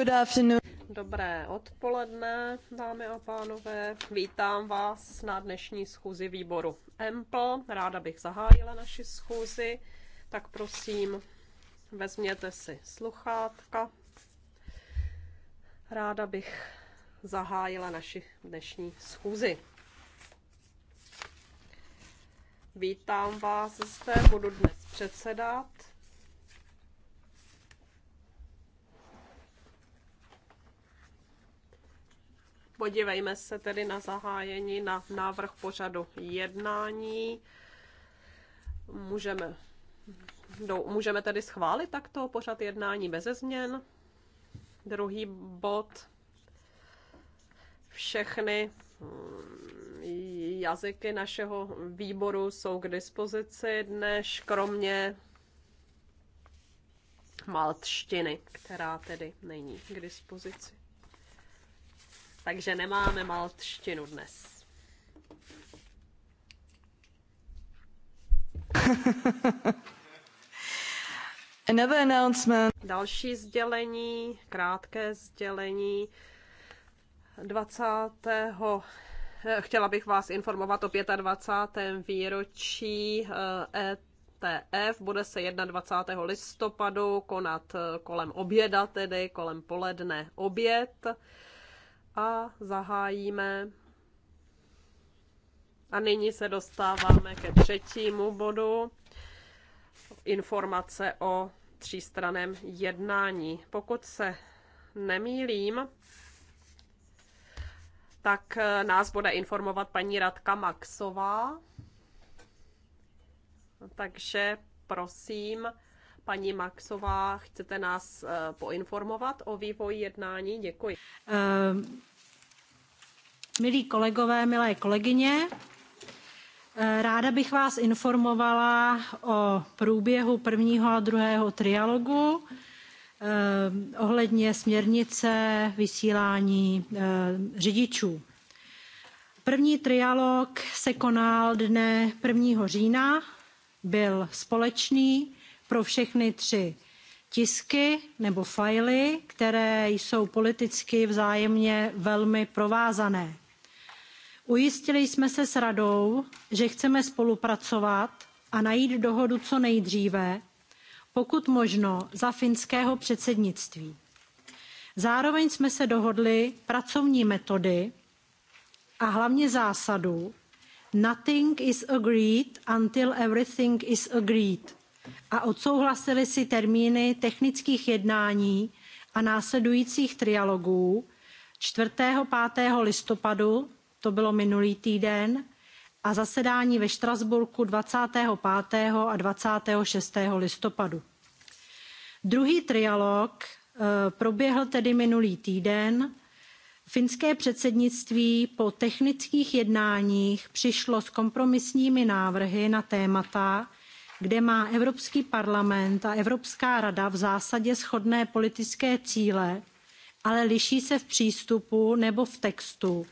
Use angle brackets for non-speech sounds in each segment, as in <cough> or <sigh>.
Good afternoon. Dobré odpoledne, dámy a pánové. Vítám vás na dnešní schůzi výboru EMPL. Ráda bych zahájila naši schůzi, tak prosím, vezměte si sluchátka. Ráda bych zahájila naši dnešní schůzi. Vítám vás zde, budu dnes předsedat Podívejme se tedy na zahájení na návrh pořadu jednání. Můžeme, do, můžeme tedy schválit takto pořad jednání bez změn. Druhý bod. Všechny mm, jazyky našeho výboru jsou k dispozici dnes, kromě maltštiny, která tedy není k dispozici takže nemáme maltštinu dnes. <laughs> Another announcement. Další sdělení, krátké sdělení. 20. Eh, chtěla bych vás informovat o 25. výročí ETF. Eh, e Bude se 21. listopadu konat eh, kolem oběda, tedy kolem poledne oběd a zahájíme. A nyní se dostáváme ke třetímu bodu. Informace o třístraném jednání. Pokud se nemýlím, tak nás bude informovat paní Radka Maxová. Takže prosím, paní Maxová, chcete nás eh, poinformovat o vývoji jednání? Děkuji. Um, Milí kolegové, milé kolegyně, eh, ráda bych vás informovala o průběhu prvního a druhého trialogu eh, ohledně směrnice vysílání eh, řidičů. První trialog se konal dne 1. října, byl společný pro všechny tři tisky nebo fajly, které jsou politicky vzájemně velmi provázané. Ujistili jsme se s radou, že chceme spolupracovat a najít dohodu co nejdříve, pokud možno za finského předsednictví. Zároveň jsme se dohodli pracovní metody a hlavně zásadu Nothing is agreed until everything is agreed a odsouhlasili si termíny technických jednání a následujících trialogů 4. 5. listopadu to bylo minulý týden, a zasedání ve Štrasburku 25. a 26. listopadu. Druhý trialog eh, proběhl tedy minulý týden. Finské předsednictví po technických jednáních přišlo s kompromisními návrhy na témata, kde má Evropský parlament a Evropská rada v zásadě shodné politické cíle, ale liší se v přístupu nebo v textu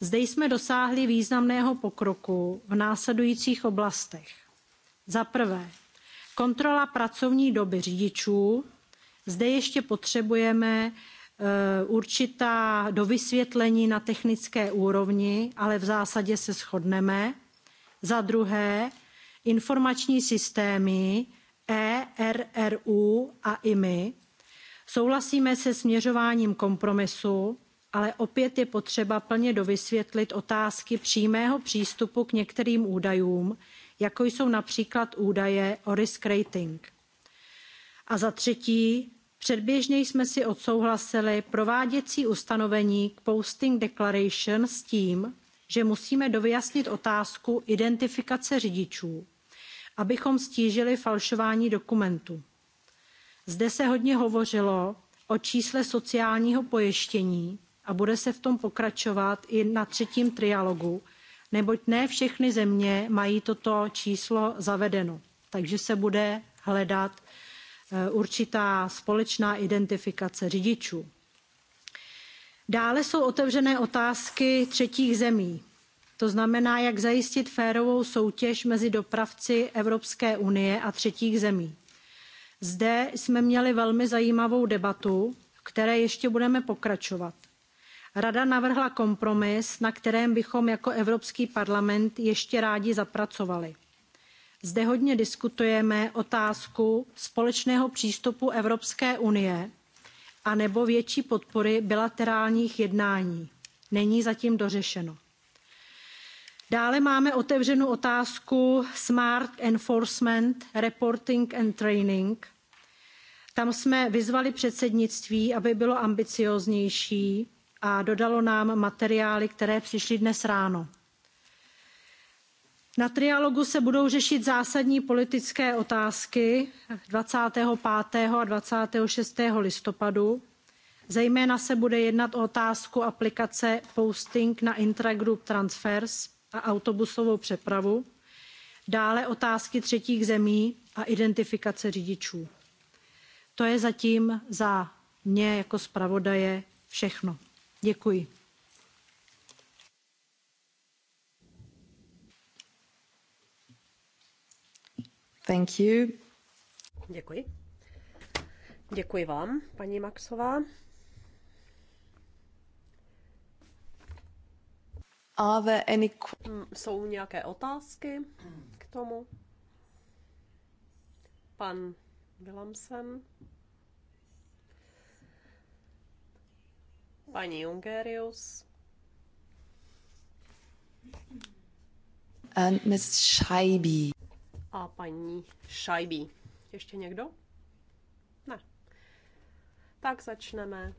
zde jsme dosáhli významného pokroku v následujících oblastech. Za prvé, kontrola pracovní doby řidičů. Zde ještě potřebujeme e, určitá dovysvětlení na technické úrovni, ale v zásadě se shodneme. Za druhé, informační systémy ERRU a IMI. Souhlasíme se směřováním kompromisu, ale opět je potřeba plně dovysvětlit otázky přímého přístupu k některým údajům, jako jsou například údaje o risk rating. A za třetí, předběžně jsme si odsouhlasili prováděcí ustanovení k posting declaration s tím, že musíme dovyjasnit otázku identifikace řidičů, abychom stížili falšování dokumentů. Zde se hodně hovořilo o čísle sociálního pojištění, a bude se v tom pokračovat i na třetím trialogu, neboť ne všechny země mají toto číslo zavedeno. Takže se bude hledat eh, určitá společná identifikace řidičů. Dále jsou otevřené otázky třetích zemí. To znamená, jak zajistit férovou soutěž mezi dopravci Evropské unie a třetích zemí. Zde jsme měli velmi zajímavou debatu, které ještě budeme pokračovat. Rada navrhla kompromis, na kterém bychom jako Evropský parlament ještě rádi zapracovali. Zde hodně diskutujeme otázku společného přístupu Evropské unie a nebo větší podpory bilaterálních jednání. Není zatím dořešeno. Dále máme otevřenou otázku Smart Enforcement, Reporting and Training. Tam jsme vyzvali předsednictví, aby bylo ambicióznější a dodalo nám materiály, které přišly dnes ráno. Na trialogu se budou řešit zásadní politické otázky 25. a 26. listopadu. Zejména se bude jednat o otázku aplikace posting na intragroup transfers a autobusovou přepravu, dále otázky třetích zemí a identifikace řidičů. To je zatím za mě jako zpravodaje všechno. Děkuji. Thank you. Děkuji. Děkuji vám, paní Maxová. Are there any... Hmm, jsou nějaké otázky k tomu? Pan Willemsen. Paní Jungerius. And Miss Scheibi. A paní Scheibi. Ještě někdo? Ne. Tak začneme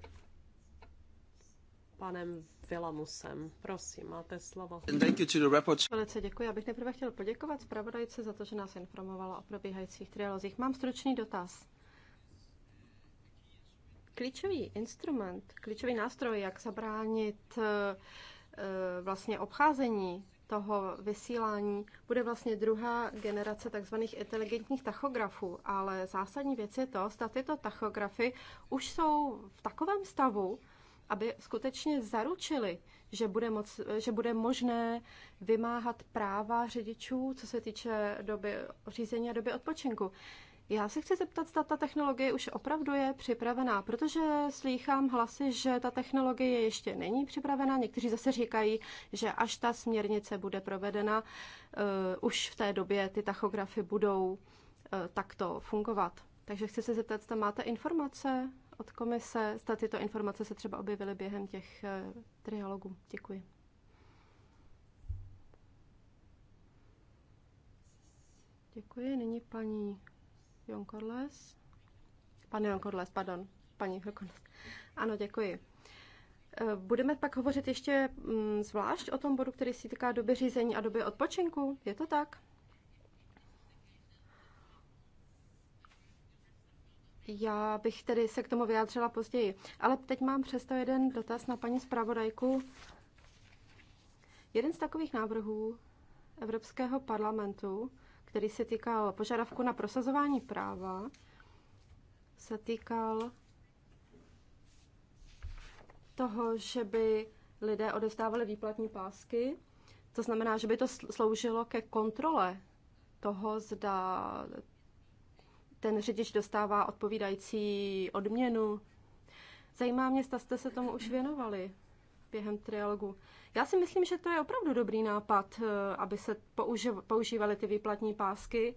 panem Vilamusem. Prosím, máte slovo. Velice děkuji. Já bych nejprve chtěl poděkovat zpravodajce za to, že nás informovala o probíhajících trialozích. Mám stručný dotaz. Klíčový instrument, klíčový nástroj, jak zabránit eh, eh, vlastně obcházení toho vysílání bude vlastně druhá generace tzv. inteligentních tachografů, ale zásadní věc je to, zda tyto tachografy už jsou v takovém stavu, aby skutečně zaručili, že bude, moc, že bude možné vymáhat práva řidičů, co se týče doby řízení a doby odpočinku. Já se chci zeptat, zda ta technologie už opravdu je připravená, protože slýchám hlasy, že ta technologie ještě není připravená. Někteří zase říkají, že až ta směrnice bude provedena, uh, už v té době ty tachografy budou uh, takto fungovat. Takže chci se zeptat, zda máte informace od komise, zda tyto informace se třeba objevily během těch uh, trialogů. Děkuji. Děkuji. Nyní paní Pan Jon Jonkorles, pardon. Paní Jonkorles. Ano, děkuji. Eh, budeme pak hovořit ještě mm, zvlášť o tom bodu, který se týká doby řízení a doby odpočinku. Je to tak? Já bych tedy se k tomu vyjádřila později. Ale teď mám přesto jeden dotaz na paní zpravodajku. Jeden z takových návrhů Evropského parlamentu který se týkal požadavku na prosazování práva, se týkal toho, že by lidé odevzdávali výplatní pásky. To znamená, že by to sloužilo ke kontrole toho, zda ten řidič dostává odpovídající odměnu. Zajímá mě, zda jste se tomu už věnovali během trialogu. Já si myslím, že to je opravdu dobrý nápad, eh, aby se používaly ty výplatní pásky.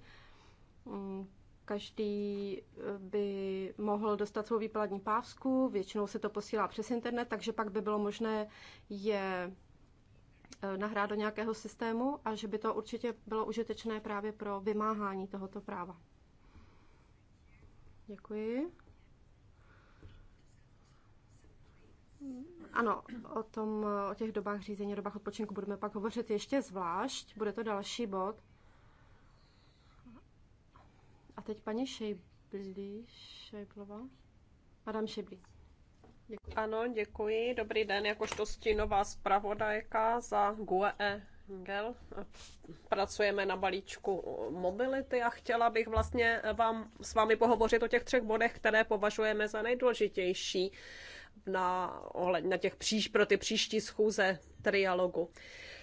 Mm, každý eh, by mohl dostat svou výplatní pásku, většinou se to posílá přes internet, takže pak by bylo možné je eh, nahrát do nějakého systému a že by to určitě bylo užitečné právě pro vymáhání tohoto práva. Děkuji. Ano, o, tom, o těch dobách řízení, dobách odpočinku budeme pak hovořit ještě zvlášť. Bude to další bod. A teď paní Šejblí, Šejblova. Adam Šejblí. Děkuji. Ano, děkuji. Dobrý den, jakožto stínová zpravodajka za GUE Engel. Pracujeme na balíčku mobility a chtěla bych vlastně vám s vámi pohovořit o těch třech bodech, které považujeme za nejdůležitější na, ohled, na těch příš, pro ty příští schůze trialogu.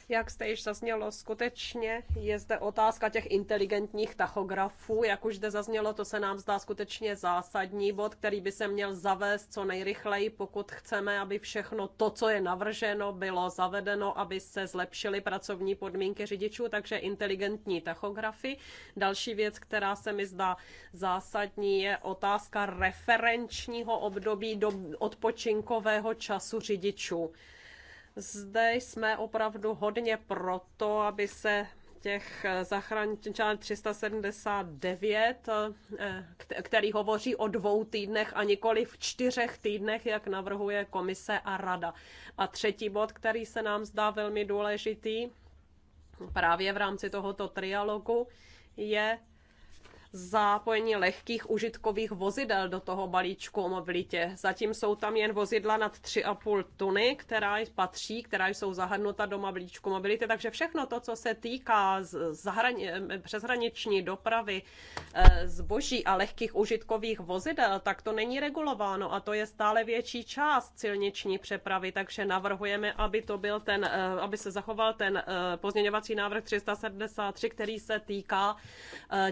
Jak jste již zaznělo, skutečně je zde otázka těch inteligentních tachografů. Jak už zde zaznělo, to se nám zdá skutečně zásadní bod, který by se měl zavést co nejrychleji, pokud chceme, aby všechno to, co je navrženo, bylo zavedeno, aby se zlepšily pracovní podmínky řidičů, takže inteligentní tachografy. Další věc, která se mi zdá zásadní, je otázka referenčního období do odpočinkového času řidičů. Zde jsme opravdu hodně proto, aby se těch zachránit 379, eh, který hovoří o dvou týdnech a nikoli v čtyřech týdnech, jak navrhuje komise a rada. A třetí bod, který se nám zdá velmi důležitý právě v rámci tohoto trialogu, je zápojení lehkých užitkových vozidel do toho balíčku o mobilitě. Zatím jsou tam jen vozidla nad 3,5 tuny, která patří, která jsou zahrnuta do balíčku mobility, takže všechno to, co se týká zahrani- eh, přeshraniční dopravy eh, zboží a lehkých užitkových vozidel, tak to není regulováno a to je stále větší část silniční přepravy, takže navrhujeme, aby to byl ten, eh, aby se zachoval ten pozměňovací návrh 373, který se týká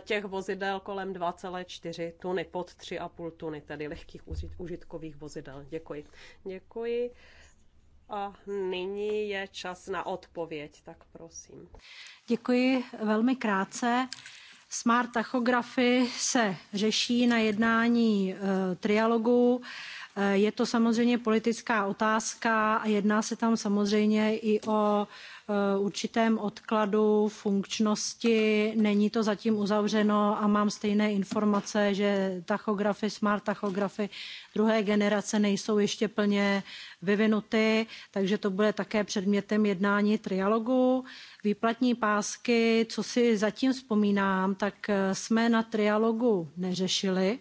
těch vozidel vozidel kolem 2,4 tuny, pod 3,5 tuny, tedy lehkých užitkových vozidel. Děkuji. Děkuji. A nyní je čas na odpověď, tak prosím. Děkuji velmi krátce. Smart tachografy se řeší na jednání e, trialogu. E, je to samozřejmě politická otázka a jedná se tam samozřejmě i o e, Eh, určitém odkladu funkčnosti. Není to zatím uzavřeno a mám stejné informace, že tachografy, smart tachografy druhé generace nejsou ještě plně vyvinuty, takže to bude také předmětem jednání trialogu. Výplatní pásky, co si zatím vzpomínám, tak eh, jsme na trialogu neřešili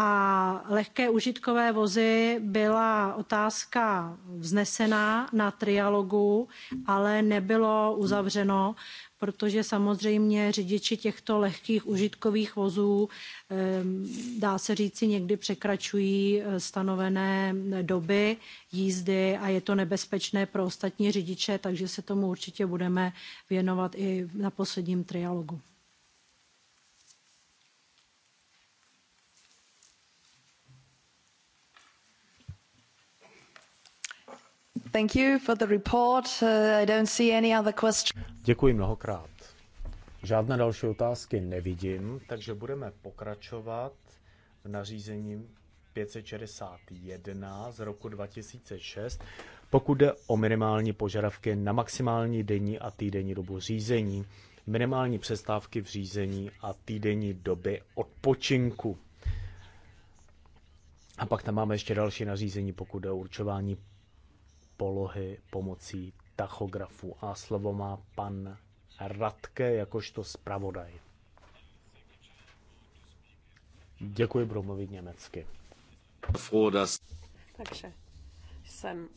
a lehké užitkové vozy byla otázka vznesená na trialogu, ale nebylo uzavřeno, protože samozřejmě řidiči těchto lehkých užitkových vozů, ehm, dá se říci, někdy překračují eh, stanovené doby jízdy a je to nebezpečné pro ostatní řidiče, takže se tomu určitě budeme věnovat i na posledním trialogu. Thank you for the report. Uh, I don't see any other question. Děkuji mnohokrát. Žádné další otázky nevidím, takže budeme pokračovat v nařízení 561 z roku 2006, pokud jde o minimální požadavky na maximální denní a týdenní dobu řízení, minimální přestávky v řízení a týdenní doby odpočinku. A pak tam máme ještě další nařízení, pokud jde o určování polohy pomocí tachografu. A slovo má pan Radke jakožto zpravodaj. Děkuji, budu mluvit německy. Takže jsem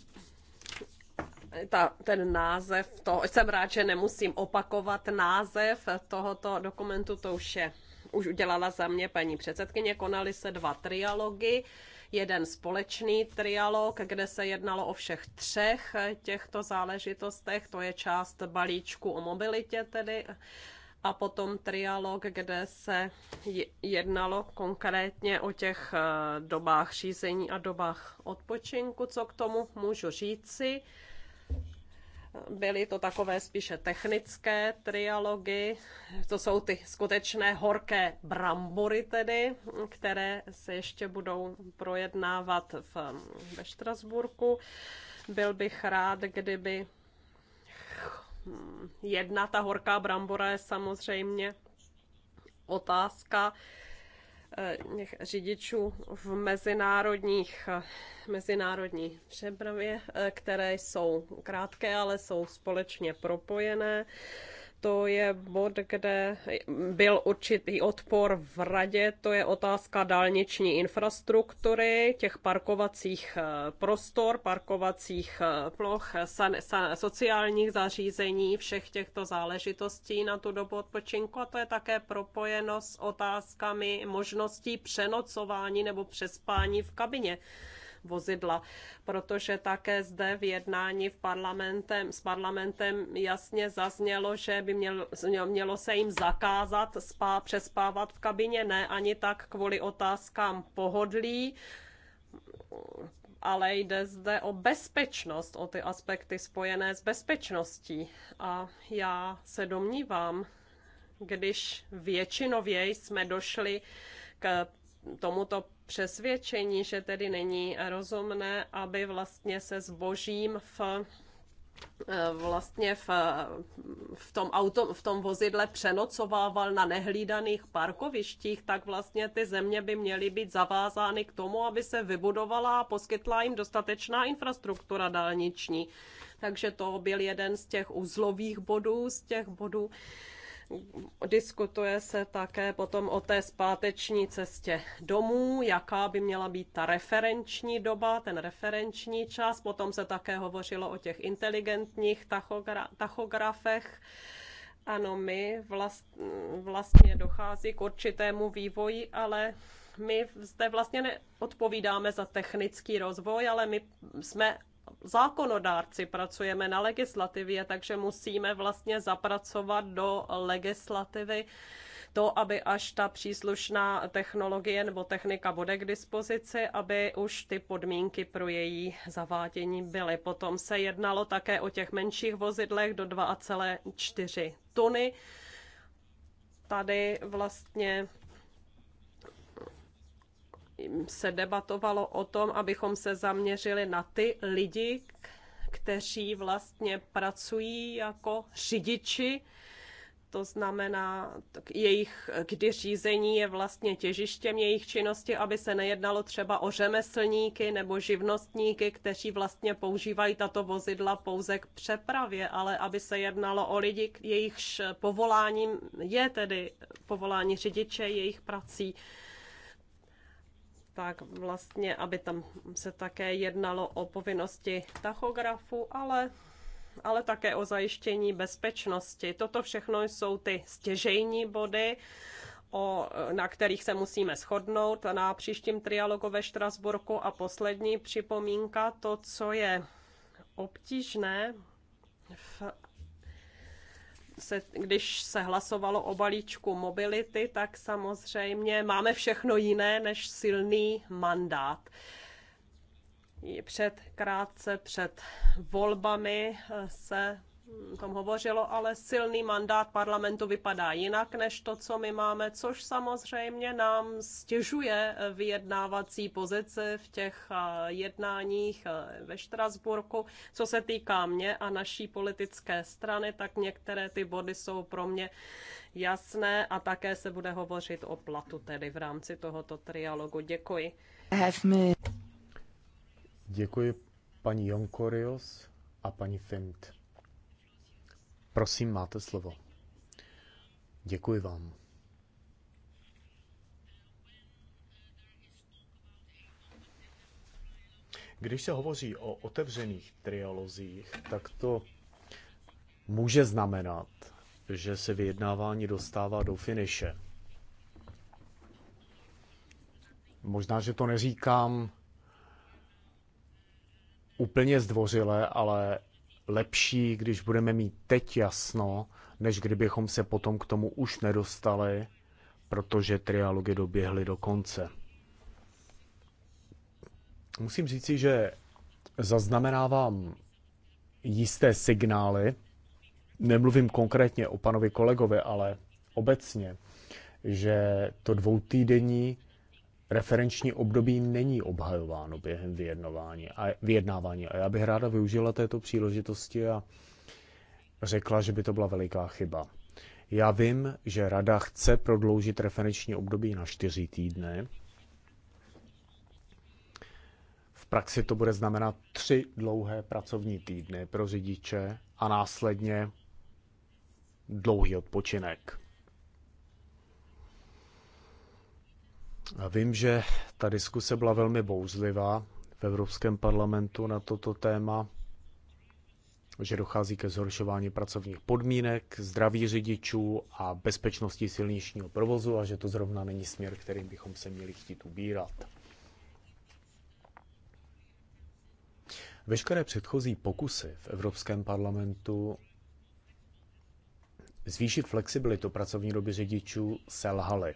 ta, ten název, to, jsem rád, že nemusím opakovat název tohoto dokumentu, to už je už udělala za mě paní předsedkyně. Konaly se dva trialogy jeden společný trialog, kde se jednalo o všech třech těchto záležitostech, to je část balíčku o mobilitě tedy, a potom trialog, kde se jednalo konkrétně o těch eh, dobách řízení a dobách odpočinku. Co k tomu můžu říci? Byly to takové spíše technické trialogy, to jsou ty skutečné horké brambory tedy, které se ještě budou projednávat v, ve Štrasburku. Byl bych rád, kdyby hm, jedna ta horká brambora je samozřejmě otázka, Eh, řidičů v mezinárodních, eh, mezinárodní přepravě, eh, které jsou krátké, ale jsou společně propojené to je bod, kde byl určitý odpor v radě, to je otázka dálniční infrastruktury, těch parkovacích eh, prostor, parkovacích eh, ploch, san, san, sociálních zařízení, všech těchto záležitostí na tu dobu odpočinku a to je také propojeno s otázkami možností přenocování nebo přespání v kabině vozidla, protože také zde v jednání v parlamentem, s parlamentem jasně zaznělo, že by mělo, mělo se jim zakázat spá, přespávat v kabině, ne ani tak kvůli otázkám pohodlí, ale jde zde o bezpečnost, o ty aspekty spojené s bezpečností. A já se domnívám, když většinově jsme došli k tomuto přesvědčení, že tedy není rozumné, aby vlastně se zbožím v eh, vlastně v, v, tom auto, v tom vozidle přenocovával na nehlídaných parkovištích, tak vlastně ty země by měly být zavázány k tomu, aby se vybudovala a poskytla jim dostatečná infrastruktura dálniční. Takže to byl jeden z těch uzlových bodů, z těch bodů, Diskutuje se také potom o té zpáteční cestě domů, jaká by měla být ta referenční doba, ten referenční čas. Potom se také hovořilo o těch inteligentních tachogra- tachografech. Ano, my vlast, vlastně dochází k určitému vývoji, ale my zde vlastně neodpovídáme za technický rozvoj, ale my jsme zákonodárci, pracujeme na legislativě, takže musíme vlastně zapracovat do legislativy to, aby až ta příslušná technologie nebo technika bude k dispozici, aby už ty podmínky pro její zavádění byly. Potom se jednalo také o těch menších vozidlech do 2,4 tuny. Tady vlastně se debatovalo o tom, abychom se zaměřili na ty lidi, kteří vlastně pracují jako řidiči, to znamená, jejich, kdy řízení je vlastně těžištěm jejich činnosti, aby se nejednalo třeba o řemeslníky nebo živnostníky, kteří vlastně používají tato vozidla pouze k přepravě, ale aby se jednalo o lidi, jejichž povoláním je tedy povolání řidiče, jejich prací tak vlastně, aby tam se také jednalo o povinnosti tachografu, ale ale také o zajištění bezpečnosti. Toto všechno jsou ty stěžejní body, o, na kterých se musíme shodnout na příštím trialogu ve Štrasburku. A poslední připomínka, to, co je obtížné v se, když se hlasovalo o balíčku mobility, tak samozřejmě máme všechno jiné než silný mandát. Před krátce před volbami se tom hovořilo, ale silný mandát parlamentu vypadá jinak než to, co my máme, což samozřejmě nám stěžuje vyjednávací pozici v těch eh, jednáních eh, ve Štrasburku. Co se týká mě a naší politické strany, tak některé ty body jsou pro mě jasné a také se bude hovořit o platu tedy v rámci tohoto trialogu. Děkuji. Děkuji paní Jonkorios a paní Fint. Prosím, máte slovo. Děkuji vám. Když se hovoří o otevřených trialozích, tak to může znamenat, že se vyjednávání dostává do finiše. Možná, že to neříkám úplně zdvořile, ale lepší, když budeme mít teď jasno, než kdybychom se potom k tomu už nedostali, protože trialogy doběhly do konce. Musím říci, že zaznamenávám jisté signály, nemluvím konkrétně o panovi kolegovi, ale obecně, že to dvoutýdenní referenční období není obhajováno během vyjednávání a, vyjednávání. a já bych ráda využila této příležitosti a řekla, že by to byla veliká chyba. Já vím, že Rada chce prodloužit referenční období na čtyři týdny. V praxi to bude znamenat tři dlouhé pracovní týdny pro řidiče a následně dlouhý odpočinek. Vím, že ta diskuse byla velmi bouzlivá v Evropském parlamentu na toto téma, že dochází ke zhoršování pracovních podmínek, zdraví řidičů a bezpečnosti silničního provozu a že to zrovna není směr, kterým bychom se měli chtít ubírat. Veškeré předchozí pokusy v Evropském parlamentu zvýšit flexibilitu pracovní doby řidičů selhaly.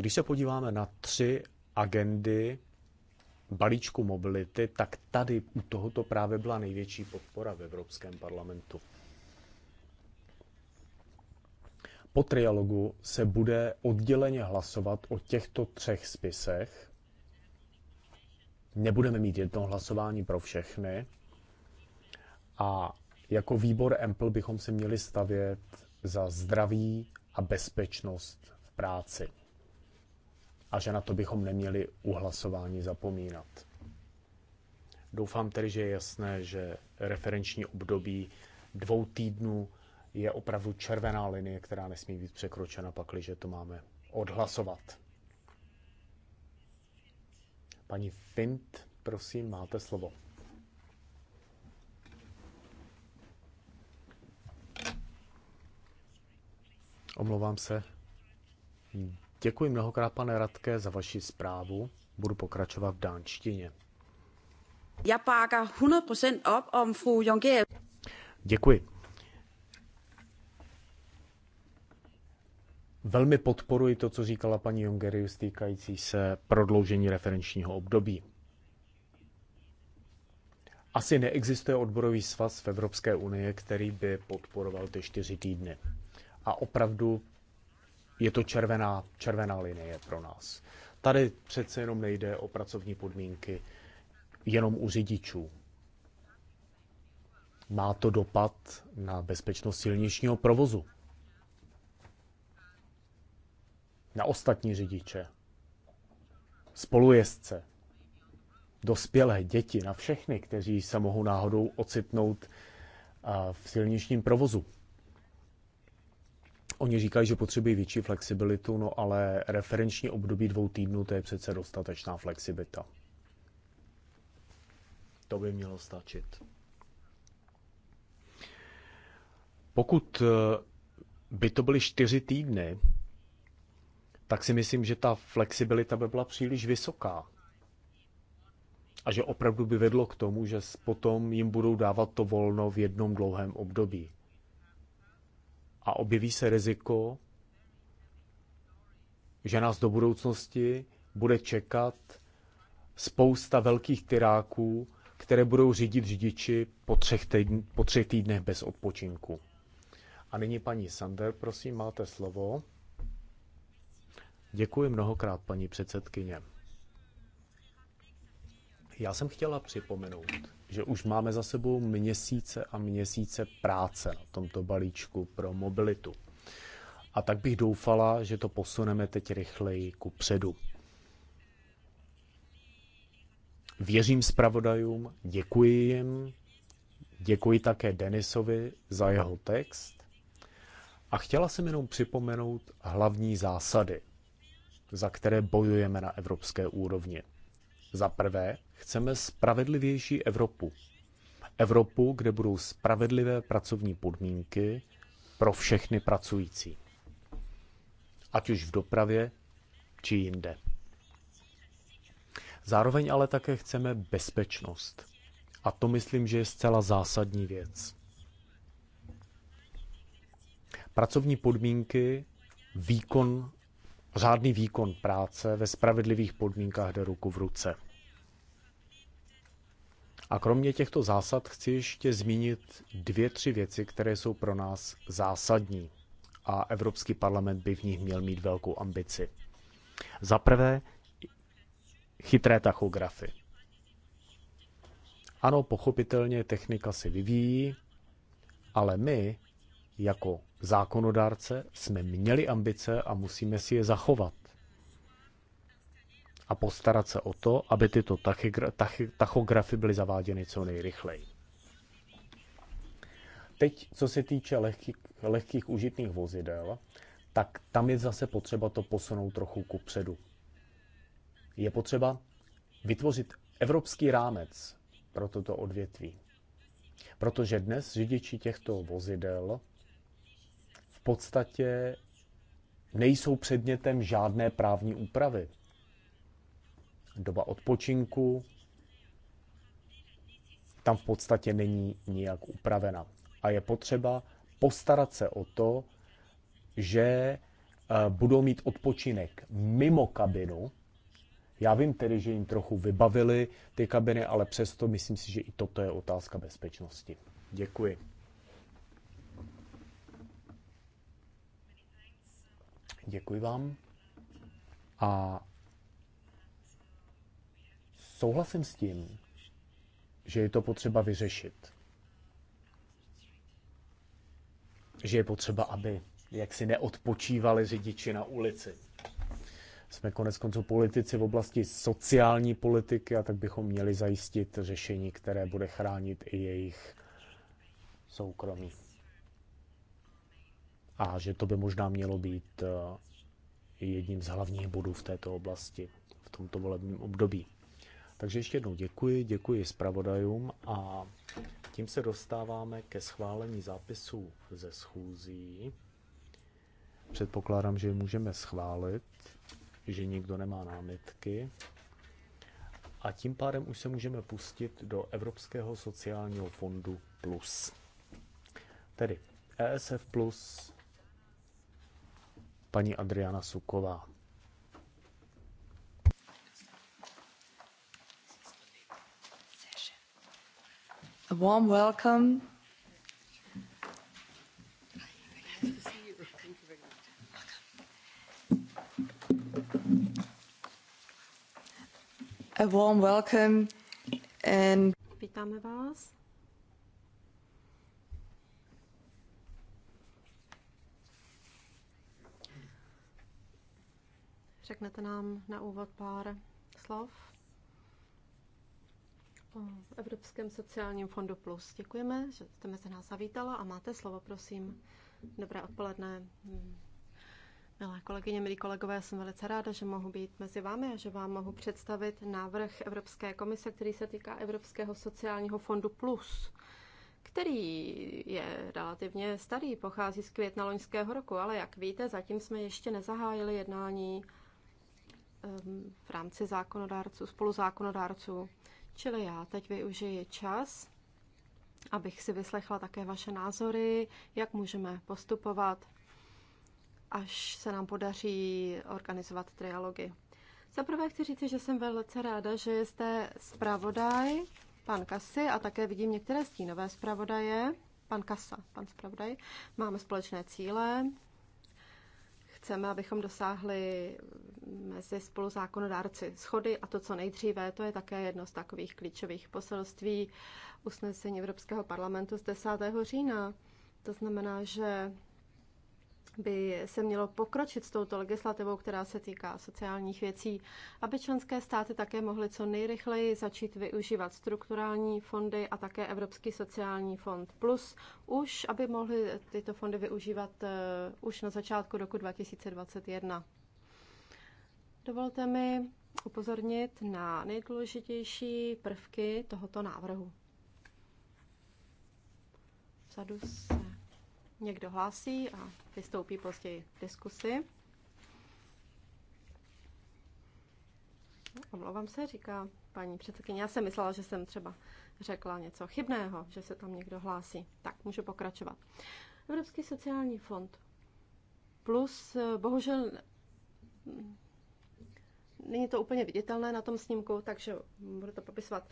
Když se podíváme na tři agendy balíčku mobility, tak tady u tohoto právě byla největší podpora v Evropském parlamentu. Po trialogu se bude odděleně hlasovat o těchto třech spisech. Nebudeme mít jedno hlasování pro všechny. A jako výbor EMPL bychom se měli stavět za zdraví a bezpečnost v práci a že na to bychom neměli u hlasování zapomínat. Doufám tedy, že je jasné, že referenční období dvou týdnů je opravdu červená linie, která nesmí být překročena, pakliže to máme odhlasovat. Paní Fint, prosím, máte slovo. Omlouvám se. Hmm. Děkuji mnohokrát, pane Radke, za vaši zprávu. Budu pokračovat v dánštině. Já páka 100% op om fru Jongev. Děkuji. Velmi podporuji to, co říkala paní Jongerius týkající se prodloužení referenčního období. Asi neexistuje odborový svaz v Evropské unii, který by podporoval ty čtyři týdny. A opravdu je to červená, červená linie pro nás. Tady přece jenom nejde o pracovní podmínky jenom u řidičů. Má to dopad na bezpečnost silničního provozu. Na ostatní řidiče, spolujezdce, dospělé, děti, na všechny, kteří se mohou náhodou ocitnout v silničním provozu. Oni říkají, že potřebují větší flexibilitu, no ale referenční období dvou týdnů, to je přece dostatečná flexibilita. To by mělo stačit. Pokud eh, by to byly čtyři týdny, tak si myslím, že ta flexibilita by byla příliš vysoká. A že opravdu by vedlo k tomu, že potom jim budou dávat to volno v jednom dlouhém období a objeví se riziko, že nás do budoucnosti bude čekat spousta velkých tyráků, které budou řídit řidiči po třech, týdn- po třech týdnech bez odpočinku. A nyní paní Sander, prosím, máte slovo. Děkuji mnohokrát, paní předsedkyně. Já jsem chtěla připomenout, že už máme za sebou měsíce a měsíce práce na tomto balíčku pro mobilitu. A tak bych doufala, že to posuneme teď rychleji ku předu. Věřím zpravodajům, děkuji jim, děkuji také Denisovi za jeho text a chtěla jsem jenom připomenout hlavní zásady, za které bojujeme na evropské úrovni. Za prvé, chceme spravedlivější Evropu. Evropu, kde budou spravedlivé pracovní podmínky pro všechny pracující. Ať už v dopravě, či jinde. Zároveň ale také chceme bezpečnost. A to myslím, že je zcela zásadní věc. Pracovní podmínky, výkon řádný výkon práce ve spravedlivých podmínkách jde ruku v ruce. A kromě těchto zásad chci ještě zmínit dvě, tři věci, které jsou pro nás zásadní a Evropský parlament by v nich měl mít velkou ambici. Za prvé, chytré tachografy. Ano, pochopitelně technika se vyvíjí, ale my jako zákonodárce jsme měli ambice a musíme si je zachovat. A postarat se o to, aby tyto tachografy byly zaváděny co nejrychleji. Teď, co se týče lehkých, lehkých užitných vozidel, tak tam je zase potřeba to posunout trochu ku předu. Je potřeba vytvořit evropský rámec pro toto odvětví. Protože dnes řidiči těchto vozidel podstatě nejsou předmětem žádné právní úpravy. Doba odpočinku tam v podstatě není nijak upravena. A je potřeba postarat se o to, že eh, budou mít odpočinek mimo kabinu. Já vím tedy, že jim trochu vybavili ty kabiny, ale přesto myslím si, že i toto je otázka bezpečnosti. Děkuji. Děkuji vám. A souhlasím s tím, že je to potřeba vyřešit. Že je potřeba, aby jak si neodpočívali řidiči na ulici. Jsme konec konců politici v oblasti sociální politiky a tak bychom měli zajistit řešení, které bude chránit i jejich soukromí a že to by možná mělo být eh, jedním z hlavních bodů v této oblasti, v tomto volebním období. Takže ještě jednou děkuji, děkuji zpravodajům a tím se dostáváme ke schválení zápisů ze schůzí. Předpokládám, že můžeme schválit, že nikdo nemá námitky. A tím pádem už se můžeme pustit do Evropského sociálního fondu Plus. Tedy ESF Plus paní Adriana Suková. A warm welcome. A warm welcome and Vítáme vás Řeknete nám na úvod pár slov o Evropském sociálním fondu Plus. Děkujeme, že jste mezi nás zavítala a máte slovo, prosím. Dobré odpoledne. Milé kolegyně, milí kolegové, jsem velice ráda, že mohu být mezi vámi a že vám mohu představit návrh Evropské komise, který se týká Evropského sociálního fondu Plus, který je relativně starý, pochází z května loňského roku, ale jak víte, zatím jsme ještě nezahájili jednání v rámci zákonodárců, spoluzákonodárců. Čili já teď využiji čas, abych si vyslechla také vaše názory, jak můžeme postupovat, až se nám podaří organizovat trialogy. Za prvé chci říct, že jsem velice ráda, že jste zpravodaj, pan Kasy, a také vidím některé stínové zpravodaje. Pan Kasa, pan zpravodaj. Máme společné cíle, chceme, abychom dosáhli mezi spoluzákonodárci schody a to, co nejdříve, to je také jedno z takových klíčových poselství usnesení Evropského parlamentu z 10. října. To znamená, že by se mělo pokročit s touto legislativou, která se týká sociálních věcí, aby členské státy také mohly co nejrychleji začít využívat strukturální fondy a také Evropský sociální fond plus, už aby mohly tyto fondy využívat eh, už na začátku roku 2021. Dovolte mi upozornit na nejdůležitější prvky tohoto návrhu. Vzadu se někdo hlásí a vystoupí později v diskusi. Omlouvám se, říká paní předsedkyně. Já jsem myslela, že jsem třeba řekla něco chybného, že se tam někdo hlásí. Tak, můžu pokračovat. Evropský sociální fond plus, bohužel není to úplně viditelné na tom snímku, takže budu to popisovat.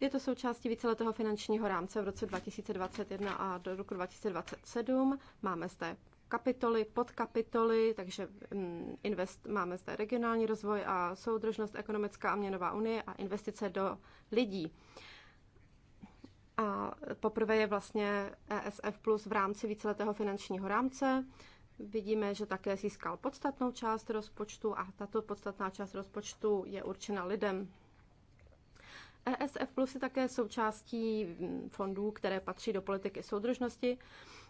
Je to součástí víceletého finančního rámce v roce 2021 a do roku 2027. Máme zde kapitoly, podkapitoly, takže mm, invest, máme zde regionální rozvoj a soudržnost ekonomická a měnová unie a investice do lidí. A poprvé je vlastně ESF Plus v rámci víceletého finančního rámce. Vidíme, že také získal podstatnou část rozpočtu a tato podstatná část rozpočtu je určena lidem. ESF Plus je také součástí fondů, které patří do politiky soudržnosti.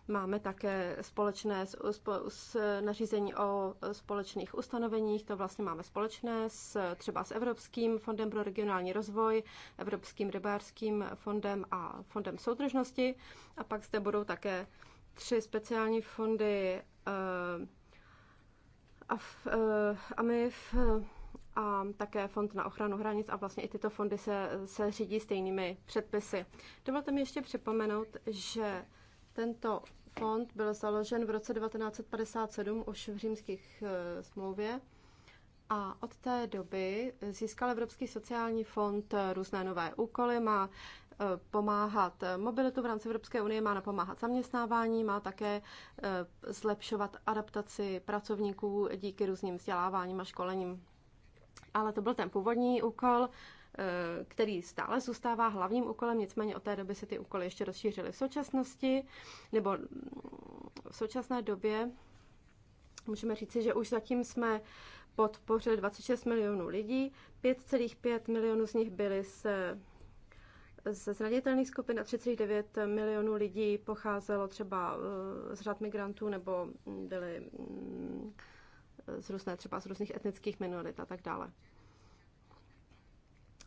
Máme také společné s, s nařízení o společných ustanoveních, to vlastně máme společné s, třeba s Evropským fondem pro regionální rozvoj, Evropským rybářským fondem a fondem soudržnosti. A pak zde budou také tři speciální fondy eh, AMIF, Uh, eh, a také Fond na ochranu hranic a vlastně i tyto fondy se, se řídí stejnými předpisy. Dovolte mi ještě připomenout, že tento fond byl založen v roce 1957 už v římských e, smlouvě a od té doby získal Evropský sociální fond eh, různé nové úkoly, má eh, pomáhat mobilitu v rámci Evropské unie, má napomáhat zaměstnávání, má také zlepšovat adaptaci pracovníků díky různým vzděláváním a školením ale to byl ten původní úkol, eh, který stále zůstává hlavním úkolem, nicméně od té doby se ty úkoly ještě rozšířily v současnosti, nebo v současné době můžeme říci, že už zatím jsme podpořili 26 milionů lidí, 5,5 milionů z nich byly z ze zranitelných skupin a 39 milionů lidí pocházelo třeba eh, z řad migrantů nebo byly mm, z různé, třeba z různých etnických minorit a tak dále.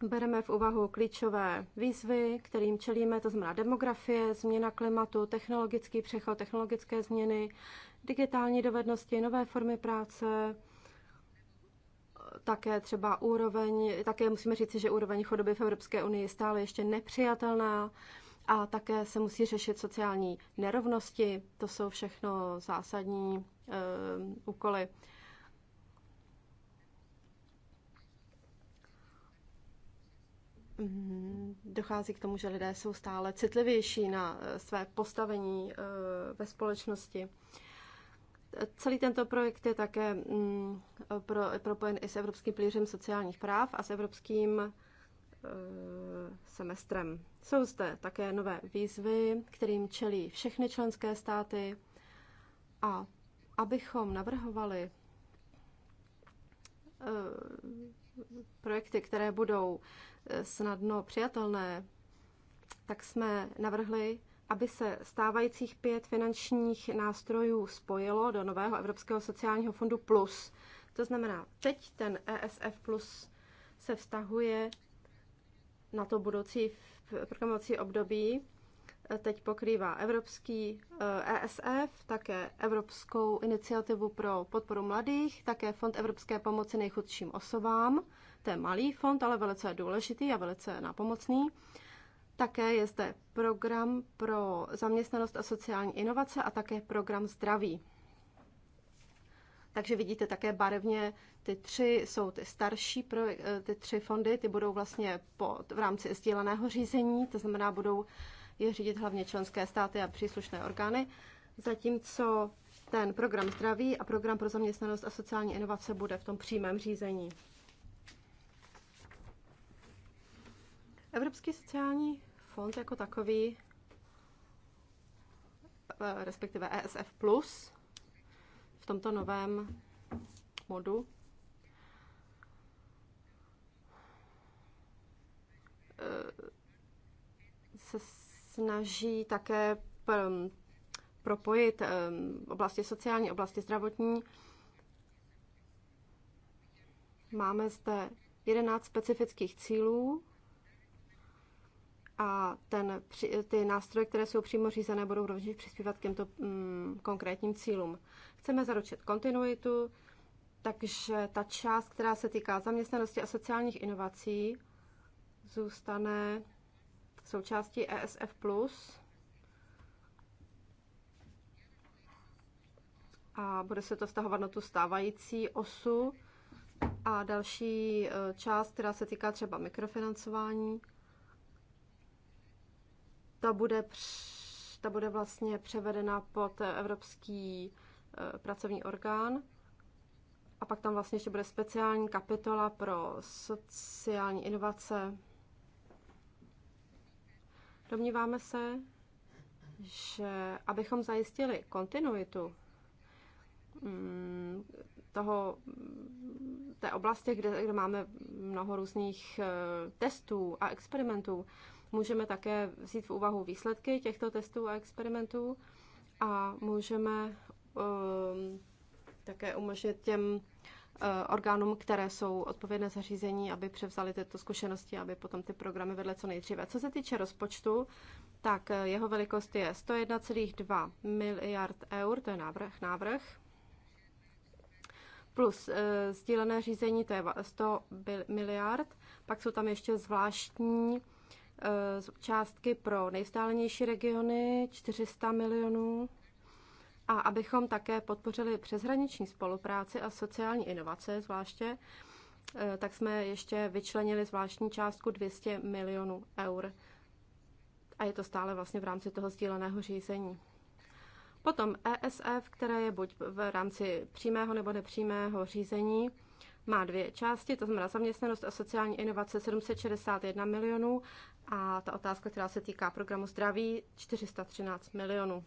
Bereme v úvahu klíčové výzvy, kterým čelíme, to znamená demografie, změna klimatu, technologický přechod, technologické změny, digitální dovednosti, nové formy práce, také třeba úroveň, také musíme říci, že úroveň chudoby v Evropské unii je stále ještě nepřijatelná a také se musí řešit sociální nerovnosti. To jsou všechno zásadní e, úkoly. Mhm. dochází k tomu, že lidé jsou stále citlivější na eh, své postavení eh, ve společnosti. Celý tento projekt je také mm, pro, propojen i s Evropským pilířem sociálních práv a s Evropským eh, semestrem. Jsou zde také nové výzvy, kterým čelí všechny členské státy a abychom navrhovali projekty, které budou snadno přijatelné, tak jsme navrhli, aby se stávajících pět finančních nástrojů spojilo do nového Evropského sociálního fondu plus. To znamená, teď ten ESF plus se vztahuje na to budoucí programovací období teď pokrývá evropský ESF, eh, e také Evropskou iniciativu pro podporu mladých, také Fond Evropské pomoci nejchudším osobám. To je malý fond, ale velice důležitý a velice nápomocný. Také je zde program pro zaměstnanost a sociální inovace a také program zdraví. Takže vidíte také barevně, ty tři jsou ty starší, pro, eh, ty tři fondy, ty budou vlastně pod, v rámci sdíleného řízení, to znamená, budou je řídit hlavně členské státy a příslušné orgány, zatímco ten program zdraví a program pro zaměstnanost a sociální inovace bude v tom přímém řízení. Evropský sociální fond jako takový, eh, respektive ESF+, plus v tomto novém modu, eh, se snaží také um, propojit um, oblasti sociální, oblasti zdravotní. Máme zde 11 specifických cílů a ten, ty nástroje, které jsou přímo řízené, budou rovněž přispívat k těmto mm, konkrétním cílům. Chceme zaručit kontinuitu, takže ta část, která se týká zaměstnanosti a sociálních inovací, zůstane součástí ESF+. A bude se to vztahovat na tu stávající osu. A další e, část, která se týká třeba mikrofinancování, ta bude, ta bude vlastně převedena pod Evropský e, pracovní orgán. A pak tam vlastně ještě bude speciální kapitola pro sociální inovace, Domníváme se, že abychom zajistili kontinuitu mm, toho, té oblasti, kde, kde máme mnoho různých eh, testů a experimentů, můžeme také vzít v úvahu výsledky těchto testů a experimentů a můžeme um, také umožnit těm Eh, orgánům, které jsou odpovědné za řízení, aby převzali tyto zkušenosti, aby potom ty programy vedly co nejdříve. Co se týče rozpočtu, tak eh, jeho velikost je 101,2 miliard eur, to je návrh, návrh plus eh, sdílené řízení, to je 100 miliard, pak jsou tam ještě zvláštní částky pro nejstálenější regiony, 400 milionů, a abychom také podpořili přeshraniční spolupráci a sociální inovace zvláště, eh, tak jsme ještě vyčlenili zvláštní částku 200 milionů eur. A je to stále vlastně v rámci toho sdíleného řízení. Potom ESF, které je buď v rámci přímého nebo nepřímého řízení, má dvě části, to znamená zaměstnanost a sociální inovace 761 milionů a ta otázka, která se týká programu zdraví, 413 milionů.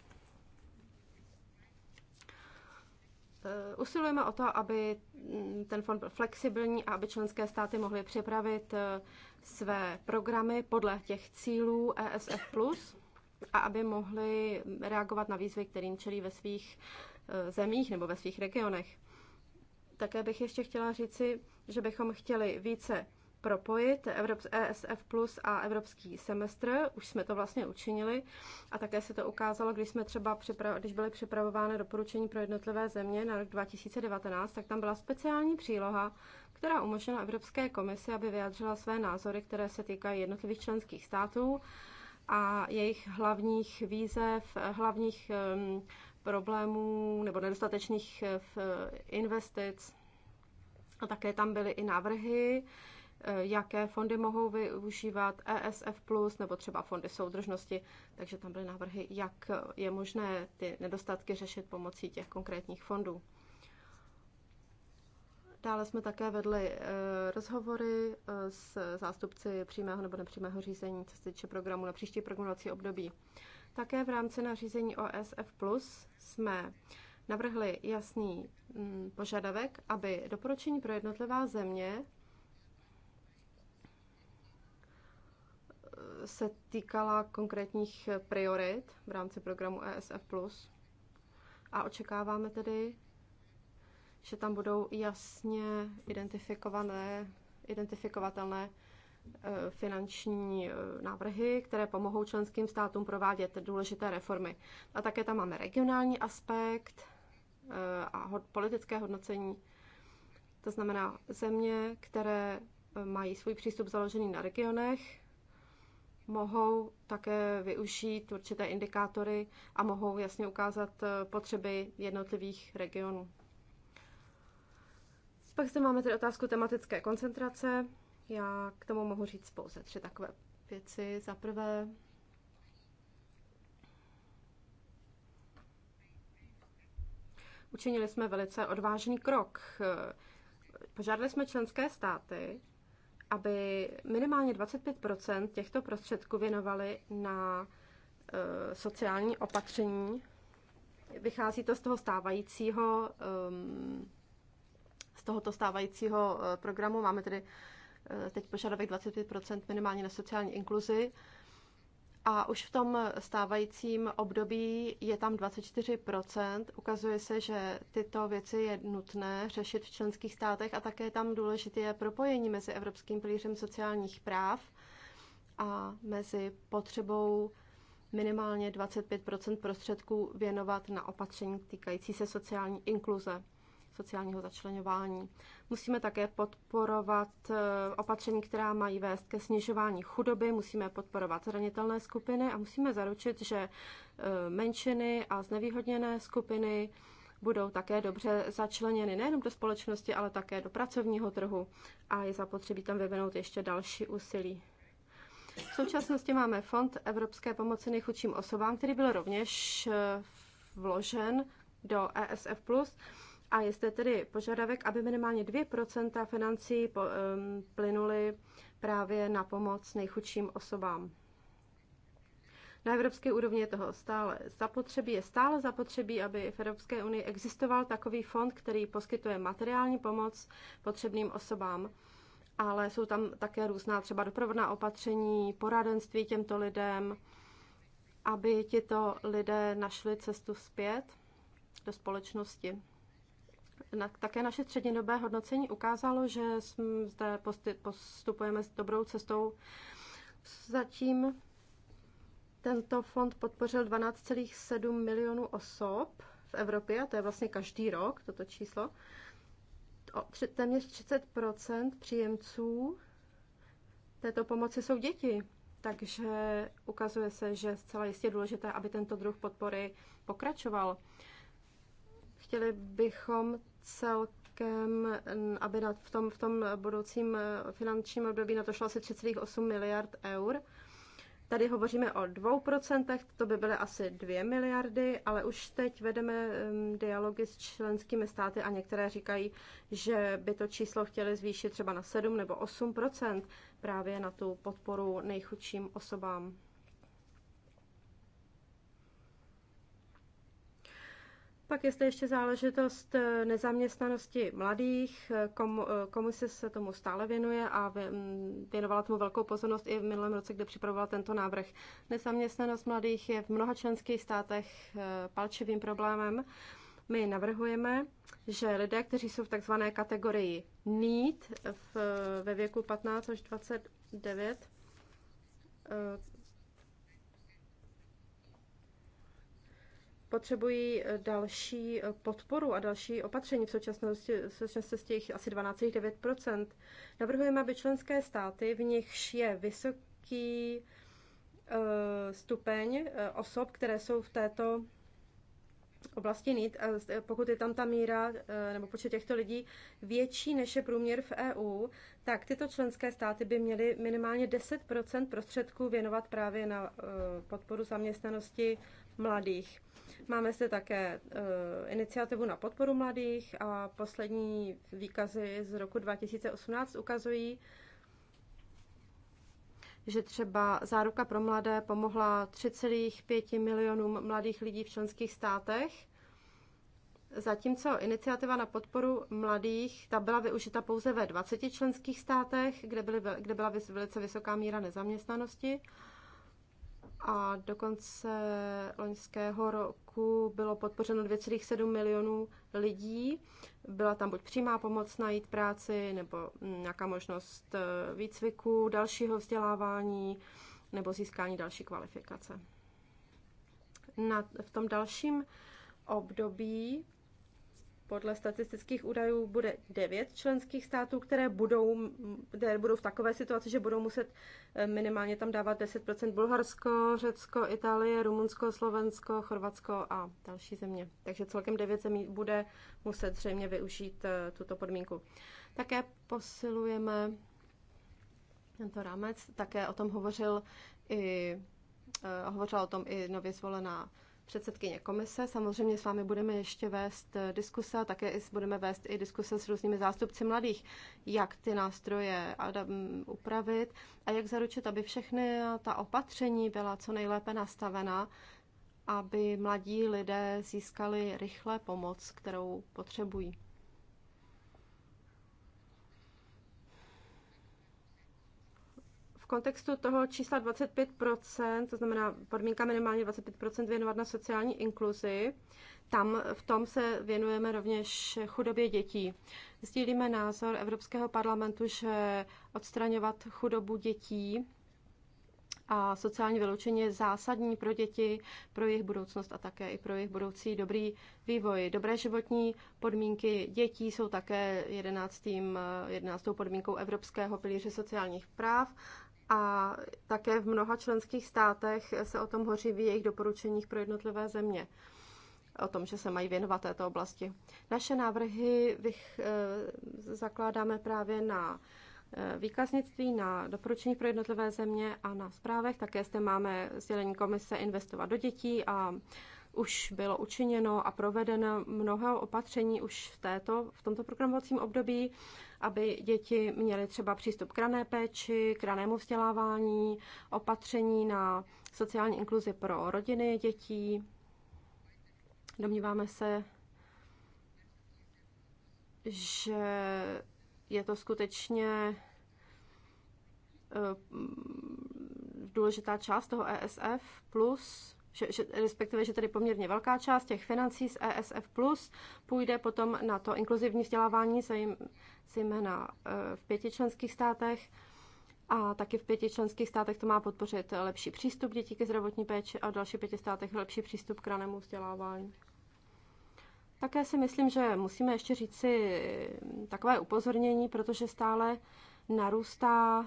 Eh, usilujeme o to, aby mm, ten fond byl flexibilní a aby členské státy mohly připravit eh, své programy podle těch cílů ESF+, a aby mohly reagovat na výzvy, kterým čelí ve svých eh, zemích nebo ve svých regionech. Také bych ještě chtěla říci, že bychom chtěli více propojit ESF e Plus a Evropský semestr. Už jsme to vlastně učinili a také se to ukázalo, když, jsme třeba připravo, když byly připravovány doporučení pro jednotlivé země na rok 2019, tak tam byla speciální příloha, která umožnila Evropské komisi, aby vyjádřila své názory, které se týkají jednotlivých členských států a jejich hlavních výzev, hlavních problémů nebo nedostatečných eh, investic. A také tam byly i návrhy, Eh, jaké fondy mohou využívat, ESF+, nebo třeba fondy soudržnosti, takže tam byly návrhy, jak je možné ty nedostatky řešit pomocí těch konkrétních fondů. Dále jsme také vedli eh, rozhovory eh, s zástupci přímého nebo nepřímého řízení, co se týče programu na příští programovací období. Také v rámci nařízení OSF e Plus jsme navrhli jasný mm, požadavek, aby doporučení pro jednotlivá země se týkala konkrétních priorit v rámci programu ESF+. A očekáváme tedy, že tam budou jasně identifikované, identifikovatelné eh, finanční eh, návrhy, které pomohou členským státům provádět důležité reformy. A také tam máme regionální aspekt eh, a politické hodnocení. To znamená země, které mají svůj přístup založený na regionech, mohou také využít určité indikátory a mohou jasně ukázat eh, potřeby jednotlivých regionů. Pak zde máme tedy otázku tematické koncentrace. Já k tomu mohu říct pouze tři takové věci. Za prvé, učinili jsme velice odvážný krok. Eh, požádali jsme členské státy, aby minimálně 25 těchto prostředků věnovali na e, sociální opatření. Vychází to z toho stávajícího, z tohoto stávajícího e, programu. Máme tedy e, teď požadavek 25 minimálně na sociální inkluzi. A už v tom stávajícím období je tam 24%. Ukazuje se, že tyto věci je nutné řešit v členských státech a také tam důležité je propojení mezi Evropským pilířem sociálních práv a mezi potřebou minimálně 25 prostředků věnovat na opatření týkající se sociální inkluze sociálního začlenování. Musíme také podporovat eh, opatření, která mají vést ke snižování chudoby, musíme podporovat zranitelné skupiny a musíme zaručit, že eh, menšiny a znevýhodněné skupiny budou také dobře začleněny nejenom do společnosti, ale také do pracovního trhu a je zapotřebí tam vyvinout ještě další úsilí. V současnosti máme fond Evropské pomoci nejchudším osobám, který byl rovněž eh, vložen do ESF+. A je zde tedy požadavek, aby minimálně 2% financí plynuly právě na pomoc nejchudším osobám. Na evropské úrovni je toho stále zapotřebí. Je stále zapotřebí, aby v Evropské unii existoval takový fond, který poskytuje materiální pomoc potřebným osobám ale jsou tam také různá třeba doprovodná opatření, poradenství těmto lidem, aby tito lidé našli cestu zpět do společnosti. Také naše střednědobé hodnocení ukázalo, že zde postupujeme s dobrou cestou. Zatím tento fond podpořil 12,7 milionů osob v Evropě, a to je vlastně každý rok toto číslo. Téměř 30 příjemců této pomoci jsou děti. Takže ukazuje se, že zcela jistě důležité, aby tento druh podpory pokračoval. Chtěli bychom celkem, aby na, v, tom, v tom budoucím finančním období na to šlo asi 3,8 miliard eur. Tady hovoříme o 2%, to by byly asi 2 miliardy, ale už teď vedeme dialogy s členskými státy a některé říkají, že by to číslo chtěli zvýšit třeba na 7 nebo 8% právě na tu podporu nejchudším osobám. Pak je zde ještě záležitost eh, nezaměstnanosti mladých. Kom, eh, komise eh, se tomu stále věnuje a mm, věnovala tomu velkou pozornost i v minulém roce, kde připravovala tento návrh. Nezaměstnanost mladých je v mnoha členských státech palčivým problémem. My navrhujeme, že lidé, kteří jsou v takzvané kategorii need v, ve věku 15 až 29, potřebují eh, další eh, podporu a další opatření. V současnosti, v současnosti těch asi 12,9 Navrhujeme, aby členské státy, v nichž je vysoký eh, stupeň osob, které jsou v této oblasti nit, pokud je tam ta míra nebo počet těchto lidí větší než je průměr v EU, tak tyto členské státy by měly minimálně 10 prostředků věnovat právě na podporu zaměstnanosti mladých. Máme zde také eh, iniciativu na podporu mladých a poslední výkazy z roku 2018 ukazují, že třeba záruka pro mladé pomohla 3,5 milionům mladých lidí v členských státech, zatímco iniciativa na podporu mladých, ta byla využita pouze ve 20 členských státech, kde, byly, kde byla velice vysoká míra nezaměstnanosti, a do konce loňského roku bylo podpořeno 2,7 milionů lidí. Byla tam buď přímá pomoc najít práci, nebo nějaká možnost eh, výcviku, dalšího vzdělávání, nebo získání další kvalifikace. Na, v tom dalším období podle statistických údajů bude devět členských států, které budou, které budou v takové situaci, že budou muset eh, minimálně tam dávat 10 Bulharsko, Řecko, Itálie, Rumunsko, Slovensko, Chorvatsko a další země. Takže celkem devět zemí bude muset zřejmě využít eh, tuto podmínku. Také posilujeme tento rámec, také o tom hovořil i, eh, hovořila o tom i nově zvolená předsedkyně komise. Samozřejmě s vámi budeme ještě vést eh, diskuse a také budeme vést i diskuse s různými zástupci mladých, jak ty nástroje upravit a jak zaručit, aby všechny eh, ta opatření byla co nejlépe nastavena, aby mladí lidé získali rychle pomoc, kterou potřebují. kontextu toho čísla 25%, to znamená podmínka minimálně 25% věnovat na sociální inkluzi, tam v tom se věnujeme rovněž chudobě dětí. Sdílíme názor Evropského parlamentu, že odstraňovat chudobu dětí a sociální vyloučení je zásadní pro děti, pro jejich budoucnost a také i pro jejich budoucí dobrý vývoj. Dobré životní podmínky dětí jsou také 11. 11. podmínkou Evropského pilíře sociálních práv a také v mnoha členských státech se o tom hoří v jejich doporučeních pro jednotlivé země o tom, že se mají věnovat této oblasti. Naše návrhy vych, eh, zakládáme právě na eh, výkaznictví, na doporučení pro jednotlivé země a na zprávech. Také zde máme sdělení komise investovat do dětí a už bylo učiněno a provedeno mnoho opatření už v, této, v tomto programovacím období aby děti měly třeba přístup k rané péči, k ranému vzdělávání, opatření na sociální inkluzi pro rodiny dětí. Domníváme se, že je to skutečně eh, důležitá část toho ESF plus že, že, respektive, že tedy poměrně velká část těch financí z ESF plus půjde potom na to inkluzivní vzdělávání, zejména eh, v pěti členských státech. A taky v pěti členských státech to má podpořit lepší přístup dětí ke zdravotní péči a v dalších pěti státech lepší přístup k ranému vzdělávání. Také si myslím, že musíme ještě říct si takové upozornění, protože stále narůstá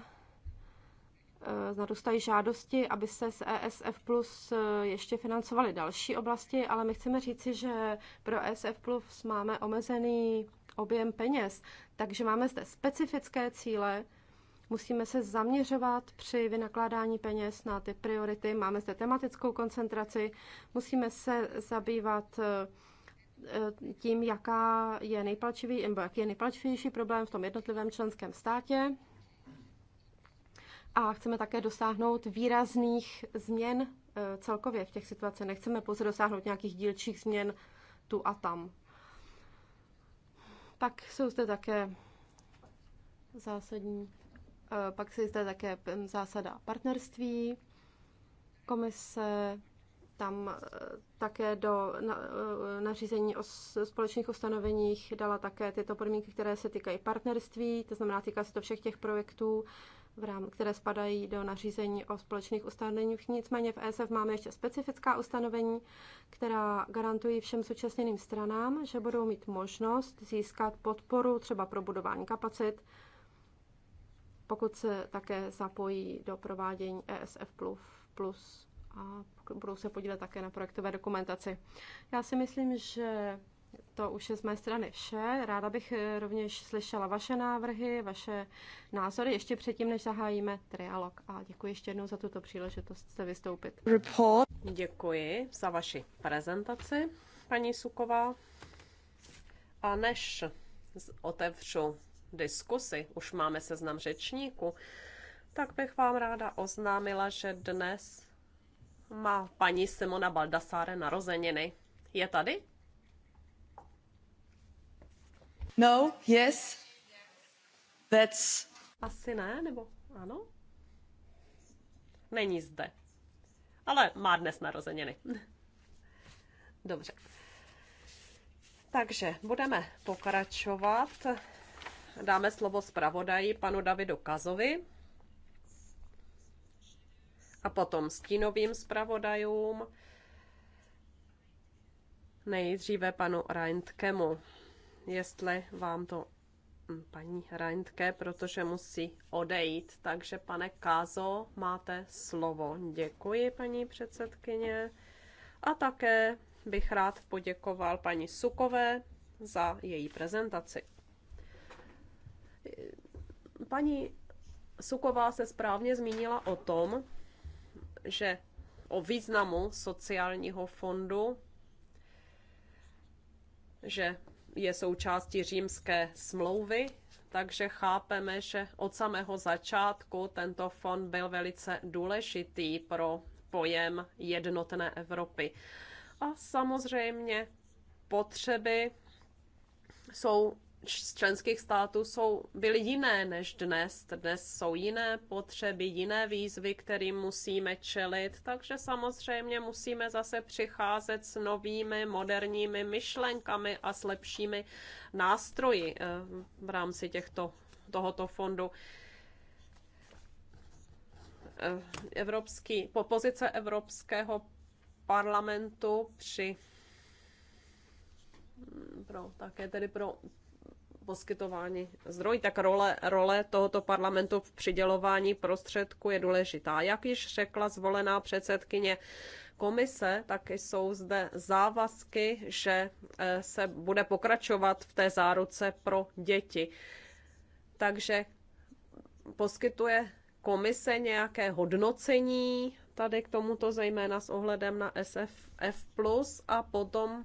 Eh, narůstají žádosti, aby se z ESF Plus eh, ještě financovaly další oblasti, ale my chceme říci, že pro ESF Plus máme omezený objem peněz, takže máme zde specifické cíle, musíme se zaměřovat při vynakládání peněz na ty priority, máme zde tematickou koncentraci, musíme se zabývat eh, tím, jaká je nejpalčivější, nebo jaký je nejpalčivější problém v tom jednotlivém členském státě a chceme také dosáhnout výrazných změn eh, celkově v těch situacích. Nechceme pouze dosáhnout nějakých dílčích změn tu a tam. Pak jsou zde také zásadní, eh, pak je zde také hm, zásada partnerství, komise, tam eh, také do nařízení o společných ustanoveních dala také tyto podmínky, které se týkají partnerství, to znamená, týká se to všech těch projektů, v rám, které spadají do nařízení o společných ustanoveních. Nicméně v ESF máme ještě specifická ustanovení, která garantují všem současněným stranám, že budou mít možnost získat podporu třeba pro budování kapacit, pokud se také zapojí do provádění ESF plus a budou se podílet také na projektové dokumentaci. Já si myslím, že to už je z mé strany vše. Ráda bych eh, rovněž slyšela vaše návrhy, vaše názory ještě předtím, než zahájíme trialog. A děkuji ještě jednou za tuto příležitost se vystoupit. Report. Děkuji za vaši prezentaci, paní Suková. A než otevřu diskusy, už máme seznam řečníků, tak bych vám ráda oznámila, že dnes má paní Simona Baldasáre narozeniny. Je tady? No, yes. That's... Asi ne, nebo ano? Není zde. Ale má dnes narozeniny. <laughs> Dobře. Takže budeme pokračovat. Dáme slovo zpravodaji panu Davidu Kazovi a potom stínovým zpravodajům. Nejdříve panu Reintkemu jestli vám to hm, paní Reintke, protože musí odejít. Takže pane Kázo, máte slovo. Děkuji, paní předsedkyně. A také bych rád poděkoval paní Sukové za její prezentaci. Paní Suková se správně zmínila o tom, že o významu sociálního fondu, že je součástí římské smlouvy, takže chápeme, že od samého začátku tento fond byl velice důležitý pro pojem jednotné Evropy. A samozřejmě potřeby jsou z členských států jsou, byly jiné než dnes. Dnes jsou jiné potřeby, jiné výzvy, kterým musíme čelit, takže samozřejmě musíme zase přicházet s novými moderními myšlenkami a s lepšími nástroji eh, v rámci těchto, tohoto fondu. Eh, evropský, po pozice Evropského parlamentu při pro, také tedy pro poskytování zdrojů, tak role, role tohoto parlamentu v přidělování prostředku je důležitá. Jak již řekla zvolená předsedkyně komise, tak jsou zde závazky, že eh, se bude pokračovat v té záruce pro děti. Takže poskytuje komise nějaké hodnocení tady k tomuto, zejména s ohledem na SFF+, a potom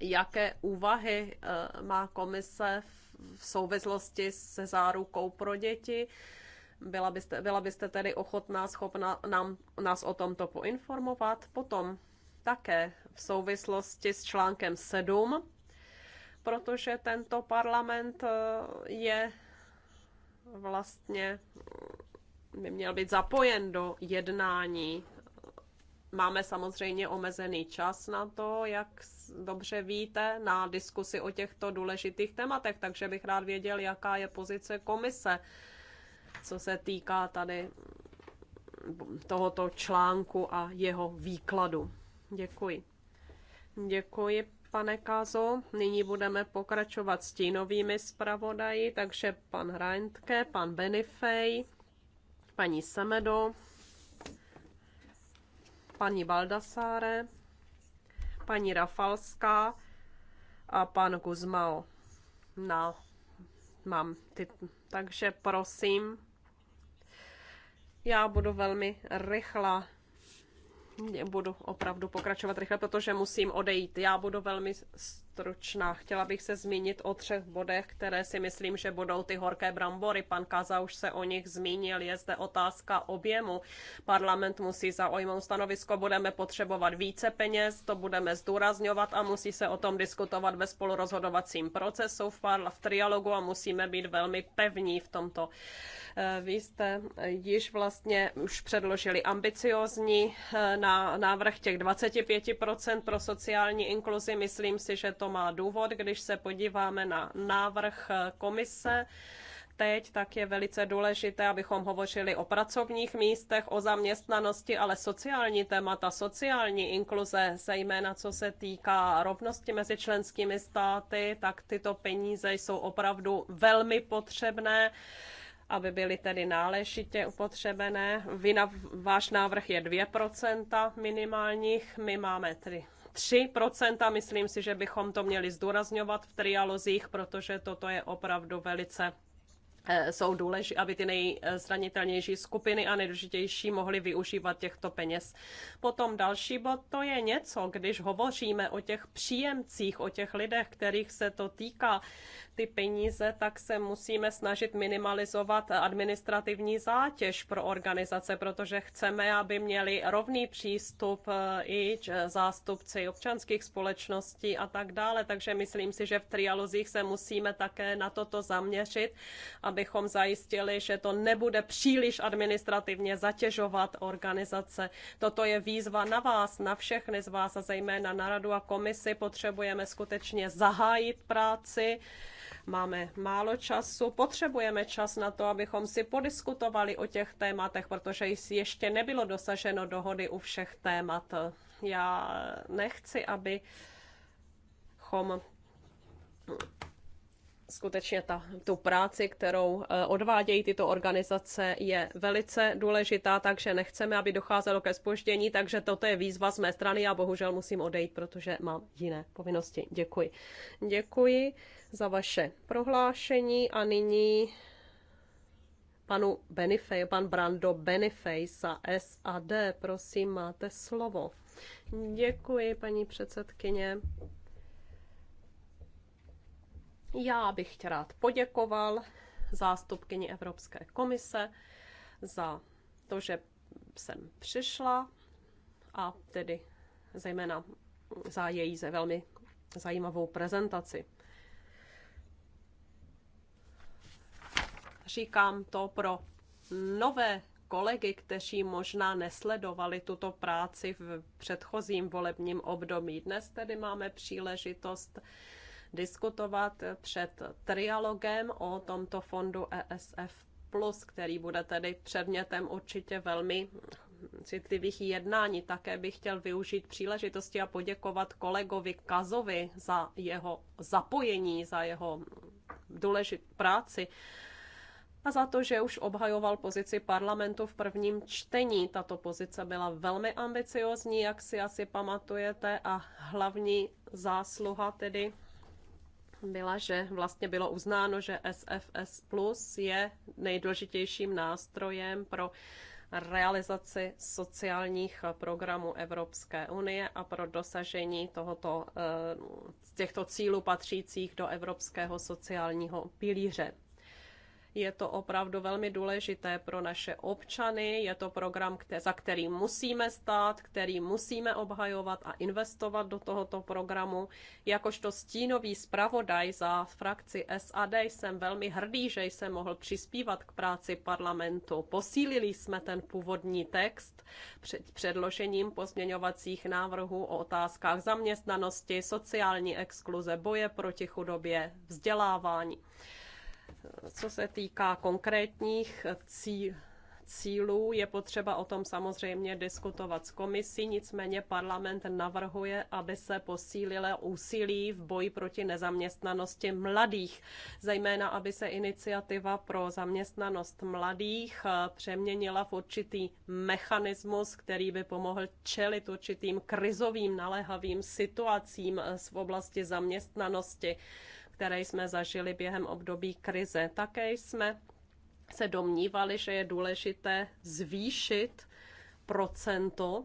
jaké úvahy eh, má komise v souvislosti se zárukou pro děti. Byla byste, byla byste tedy ochotná, schopna nám, nás o tomto poinformovat? Potom také v souvislosti s článkem 7, protože tento parlament eh, je vlastně by měl být zapojen do jednání Máme samozřejmě omezený čas na to, jak dobře víte, na diskusi o těchto důležitých tématech, takže bych rád věděl, jaká je pozice komise, co se týká tady tohoto článku a jeho výkladu. Děkuji. Děkuji, pane Kazo. Nyní budeme pokračovat s tínovými zpravodaji, takže pan Reintke, pan Benifej, paní Semedo, paní Baldasáre, paní Rafalská a pan Guzmao. No, mám ty, takže prosím, já budu velmi rychlá. Budu opravdu pokračovat rychle, protože musím odejít. Já budu velmi stručná. Chtěla bych se zmínit o třech bodech, které si myslím, že budou ty horké brambory. Pan Kaza už se o nich zmínil. Je zde otázka objemu. Parlament musí zaujmout stanovisko. Budeme potřebovat více peněz, to budeme zdůrazňovat a musí se o tom diskutovat ve spolurozhodovacím procesu v, parla, v trialogu a musíme být velmi pevní v tomto. Eh, vy jste již vlastně už předložili ambiciozní eh, na návrh těch 25% pro sociální inkluzi. Myslím si, že to to má důvod, když se podíváme na návrh komise, teď, tak je velice důležité, abychom hovořili o pracovních místech, o zaměstnanosti, ale sociální témata, sociální inkluze, zejména co se týká rovnosti mezi členskými státy, tak tyto peníze jsou opravdu velmi potřebné aby byly tedy náležitě upotřebené. Vy na, váš návrh je 2% minimálních, my máme tedy 3%, myslím si, že bychom to měli zdůrazňovat v trialozích, protože toto je opravdu velice Eh, jsou důležité, aby ty nejzranitelnější skupiny a nejdůležitější mohly využívat těchto peněz. Potom další bod, to je něco, když hovoříme o těch příjemcích, o těch lidech, kterých se to týká, ty peníze, tak se musíme snažit minimalizovat administrativní zátěž pro organizace, protože chceme, aby měli rovný přístup eh, i zástupci občanských společností a tak dále. Takže myslím si, že v trialozích se musíme také na toto zaměřit, aby abychom zajistili, že to nebude příliš administrativně zatěžovat organizace. Toto je výzva na vás, na všechny z vás a zejména na radu a komisi. Potřebujeme skutečně zahájit práci máme málo času, potřebujeme čas na to, abychom si podiskutovali o těch tématech, protože ještě nebylo dosaženo dohody u všech témat. Já nechci, abychom skutečně ta, tu práci, kterou eh, odvádějí tyto organizace, je velice důležitá, takže nechceme, aby docházelo ke spoždění, takže toto je výzva z mé strany. A bohužel musím odejít, protože mám jiné povinnosti. Děkuji. Děkuji za vaše prohlášení a nyní panu Benifej, pan Brando Benifej za SAD, prosím, máte slovo. Děkuji, paní předsedkyně. Já bych tě rád poděkoval zástupkyni Evropské komise za to, že jsem přišla a tedy zejména za její ze velmi zajímavou prezentaci. Říkám to pro nové kolegy, kteří možná nesledovali tuto práci v předchozím volebním období. Dnes tedy máme příležitost diskutovat před trialogem o tomto fondu ESF+, který bude tedy předmětem určitě velmi citlivých jednání. Také bych chtěl využít příležitosti a poděkovat kolegovi Kazovi za jeho zapojení, za jeho důležitou práci a za to, že už obhajoval pozici parlamentu v prvním čtení. Tato pozice byla velmi ambiciozní, jak si asi pamatujete, a hlavní zásluha tedy byla, že vlastně bylo uznáno, že SFS Plus je nejdůležitějším nástrojem pro realizaci sociálních programů Evropské unie a pro dosažení tohoto, eh, těchto cílů patřících do Evropského sociálního pilíře. Je to opravdu velmi důležité pro naše občany, je to program, za který musíme stát, který musíme obhajovat a investovat do tohoto programu. Jakožto stínový zpravodaj za frakci SAD jsem velmi hrdý, že jsem mohl přispívat k práci parlamentu. Posílili jsme ten původní text před předložením pozměňovacích návrhů o otázkách zaměstnanosti, sociální exkluze, boje proti chudobě, vzdělávání co se týká konkrétních cílů, cílů je potřeba o tom samozřejmě diskutovat s komisí, nicméně parlament navrhuje, aby se posílilo úsilí v boji proti nezaměstnanosti mladých, zejména aby se iniciativa pro zaměstnanost mladých eh, přeměnila v určitý mechanismus, který by pomohl čelit určitým krizovým naléhavým situacím eh, v oblasti zaměstnanosti, které jsme zažili během období krize. Také jsme se domnívali, že je důležité zvýšit procento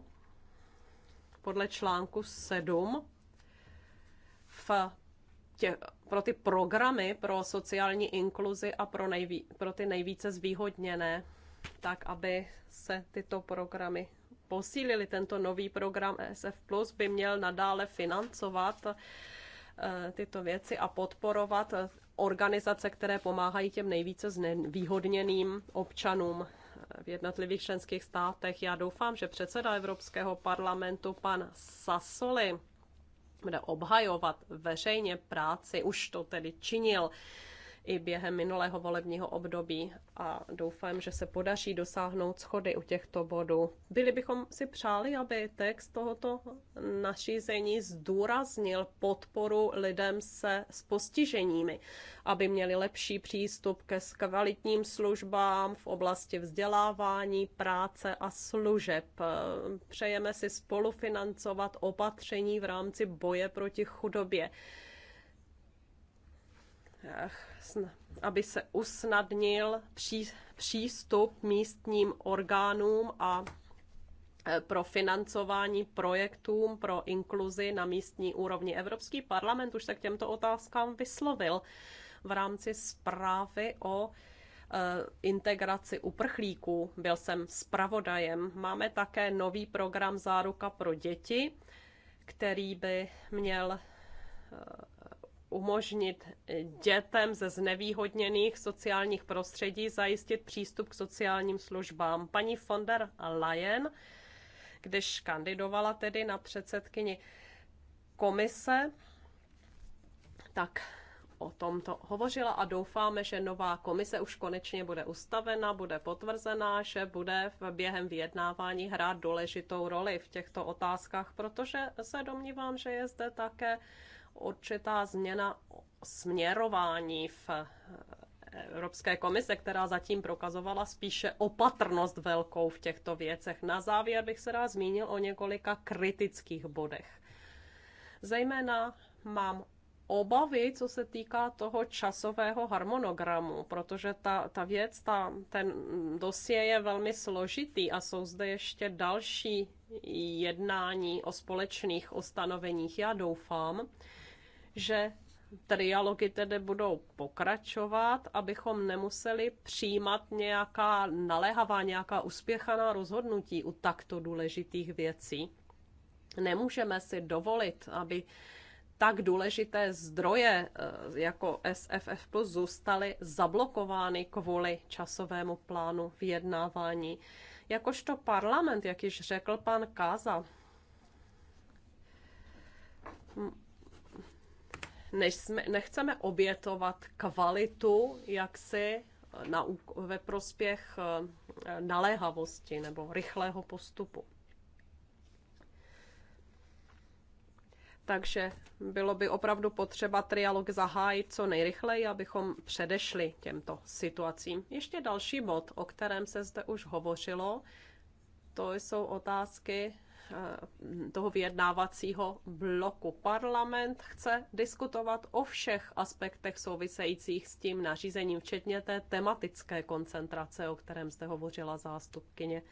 podle článku 7 v tě, pro ty programy pro sociální inkluzi a pro, nejví, pro ty nejvíce zvýhodněné, tak aby se tyto programy posílily. Tento nový program ESF Plus by měl nadále financovat eh, tyto věci a podporovat organizace, které pomáhají těm nejvíce znevýhodněným občanům eh, v jednotlivých členských státech. Já doufám, že předseda Evropského parlamentu pan Sasoli bude obhajovat veřejně práci, už to tedy činil i během minulého volebního období a doufám, že se podaří dosáhnout schody u těchto bodů. Byli bychom si přáli, aby text tohoto nařízení zdůraznil podporu lidem se s postiženími, aby měli lepší přístup ke kvalitním službám v oblasti vzdělávání, práce a služeb. Přejeme si spolufinancovat opatření v rámci boje proti chudobě aby se usnadnil pří, přístup místním orgánům a e, pro financování projektům pro inkluzi na místní úrovni. Evropský parlament už se k těmto otázkám vyslovil v rámci zprávy o e, integraci uprchlíků. Byl jsem zpravodajem. Máme také nový program Záruka pro děti, který by měl e, umožnit dětem ze znevýhodněných sociálních prostředí zajistit přístup k sociálním službám. Paní von der Leyen, když kandidovala tedy na předsedkyni komise, tak o tomto hovořila a doufáme, že nová komise už konečně bude ustavena, bude potvrzená, že bude v během vyjednávání hrát důležitou roli v těchto otázkách, protože se domnívám, že je zde také určitá změna směrování v eh, Evropské komise, která zatím prokazovala spíše opatrnost velkou v těchto věcech. Na závěr bych se rád zmínil o několika kritických bodech. Zejména mám obavy, co se týká toho časového harmonogramu, protože ta, ta věc, ta, ten dosie je velmi složitý a jsou zde ještě další jednání o společných ustanoveních. Já doufám, že trialogy tedy budou pokračovat, abychom nemuseli přijímat nějaká naléhavá, nějaká uspěchaná rozhodnutí u takto důležitých věcí. Nemůžeme si dovolit, aby tak důležité zdroje eh, jako SFF Plus zůstaly zablokovány kvůli časovému plánu vyjednávání. Jakožto parlament, jak již řekl pan Káza, než jsme, nechceme obětovat kvalitu jaksi na, ve prospěch eh, naléhavosti nebo rychlého postupu. Takže bylo by opravdu potřeba trialog zahájit co nejrychleji, abychom předešli těmto situacím. Ještě další bod, o kterém se zde už hovořilo, to jsou otázky Eh, toho vyjednávacího bloku. Parlament chce diskutovat o všech aspektech souvisejících s tím nařízením, včetně té tematické koncentrace, o kterém jste hovořila zástupkyně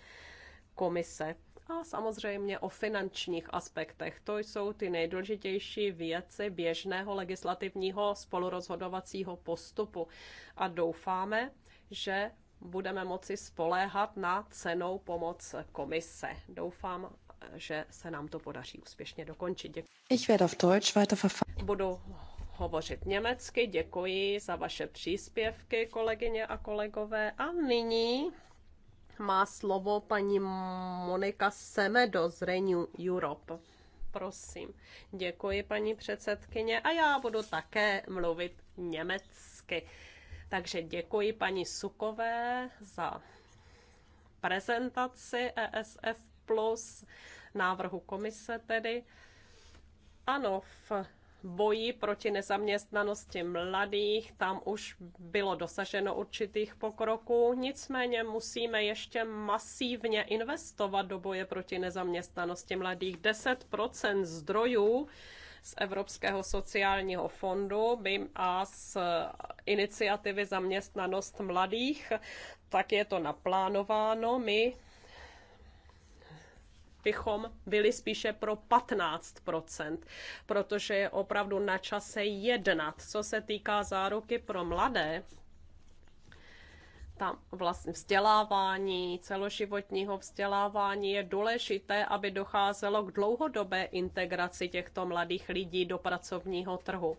komise. A samozřejmě o finančních aspektech. To jsou ty nejdůležitější věci běžného legislativního spolurozhodovacího postupu. A doufáme, že budeme moci spoléhat na cenou pomoc komise. Doufám, že se nám to podaří úspěšně dokončit. Ich werde auf Deutsch Budu hovořit německy. Děkuji za vaše příspěvky, kolegyně a kolegové. A nyní má slovo paní Monika Semedo z Renew Europe. Prosím. Děkuji, paní předsedkyně. A já budu také mluvit německy. Takže děkuji paní Sukové za prezentaci ESF plus návrhu komise tedy. Ano, v boji proti nezaměstnanosti mladých, tam už bylo dosaženo určitých pokroků, nicméně musíme ještě masívně investovat do boje proti nezaměstnanosti mladých. 10% zdrojů z Evropského sociálního fondu a z iniciativy zaměstnanost mladých, tak je to naplánováno. My bychom byli spíše pro 15%, protože je opravdu na čase jednat. Co se týká záruky pro mladé, tam vlastně vzdělávání, celoživotního vzdělávání je důležité, aby docházelo k dlouhodobé integraci těchto mladých lidí do pracovního trhu.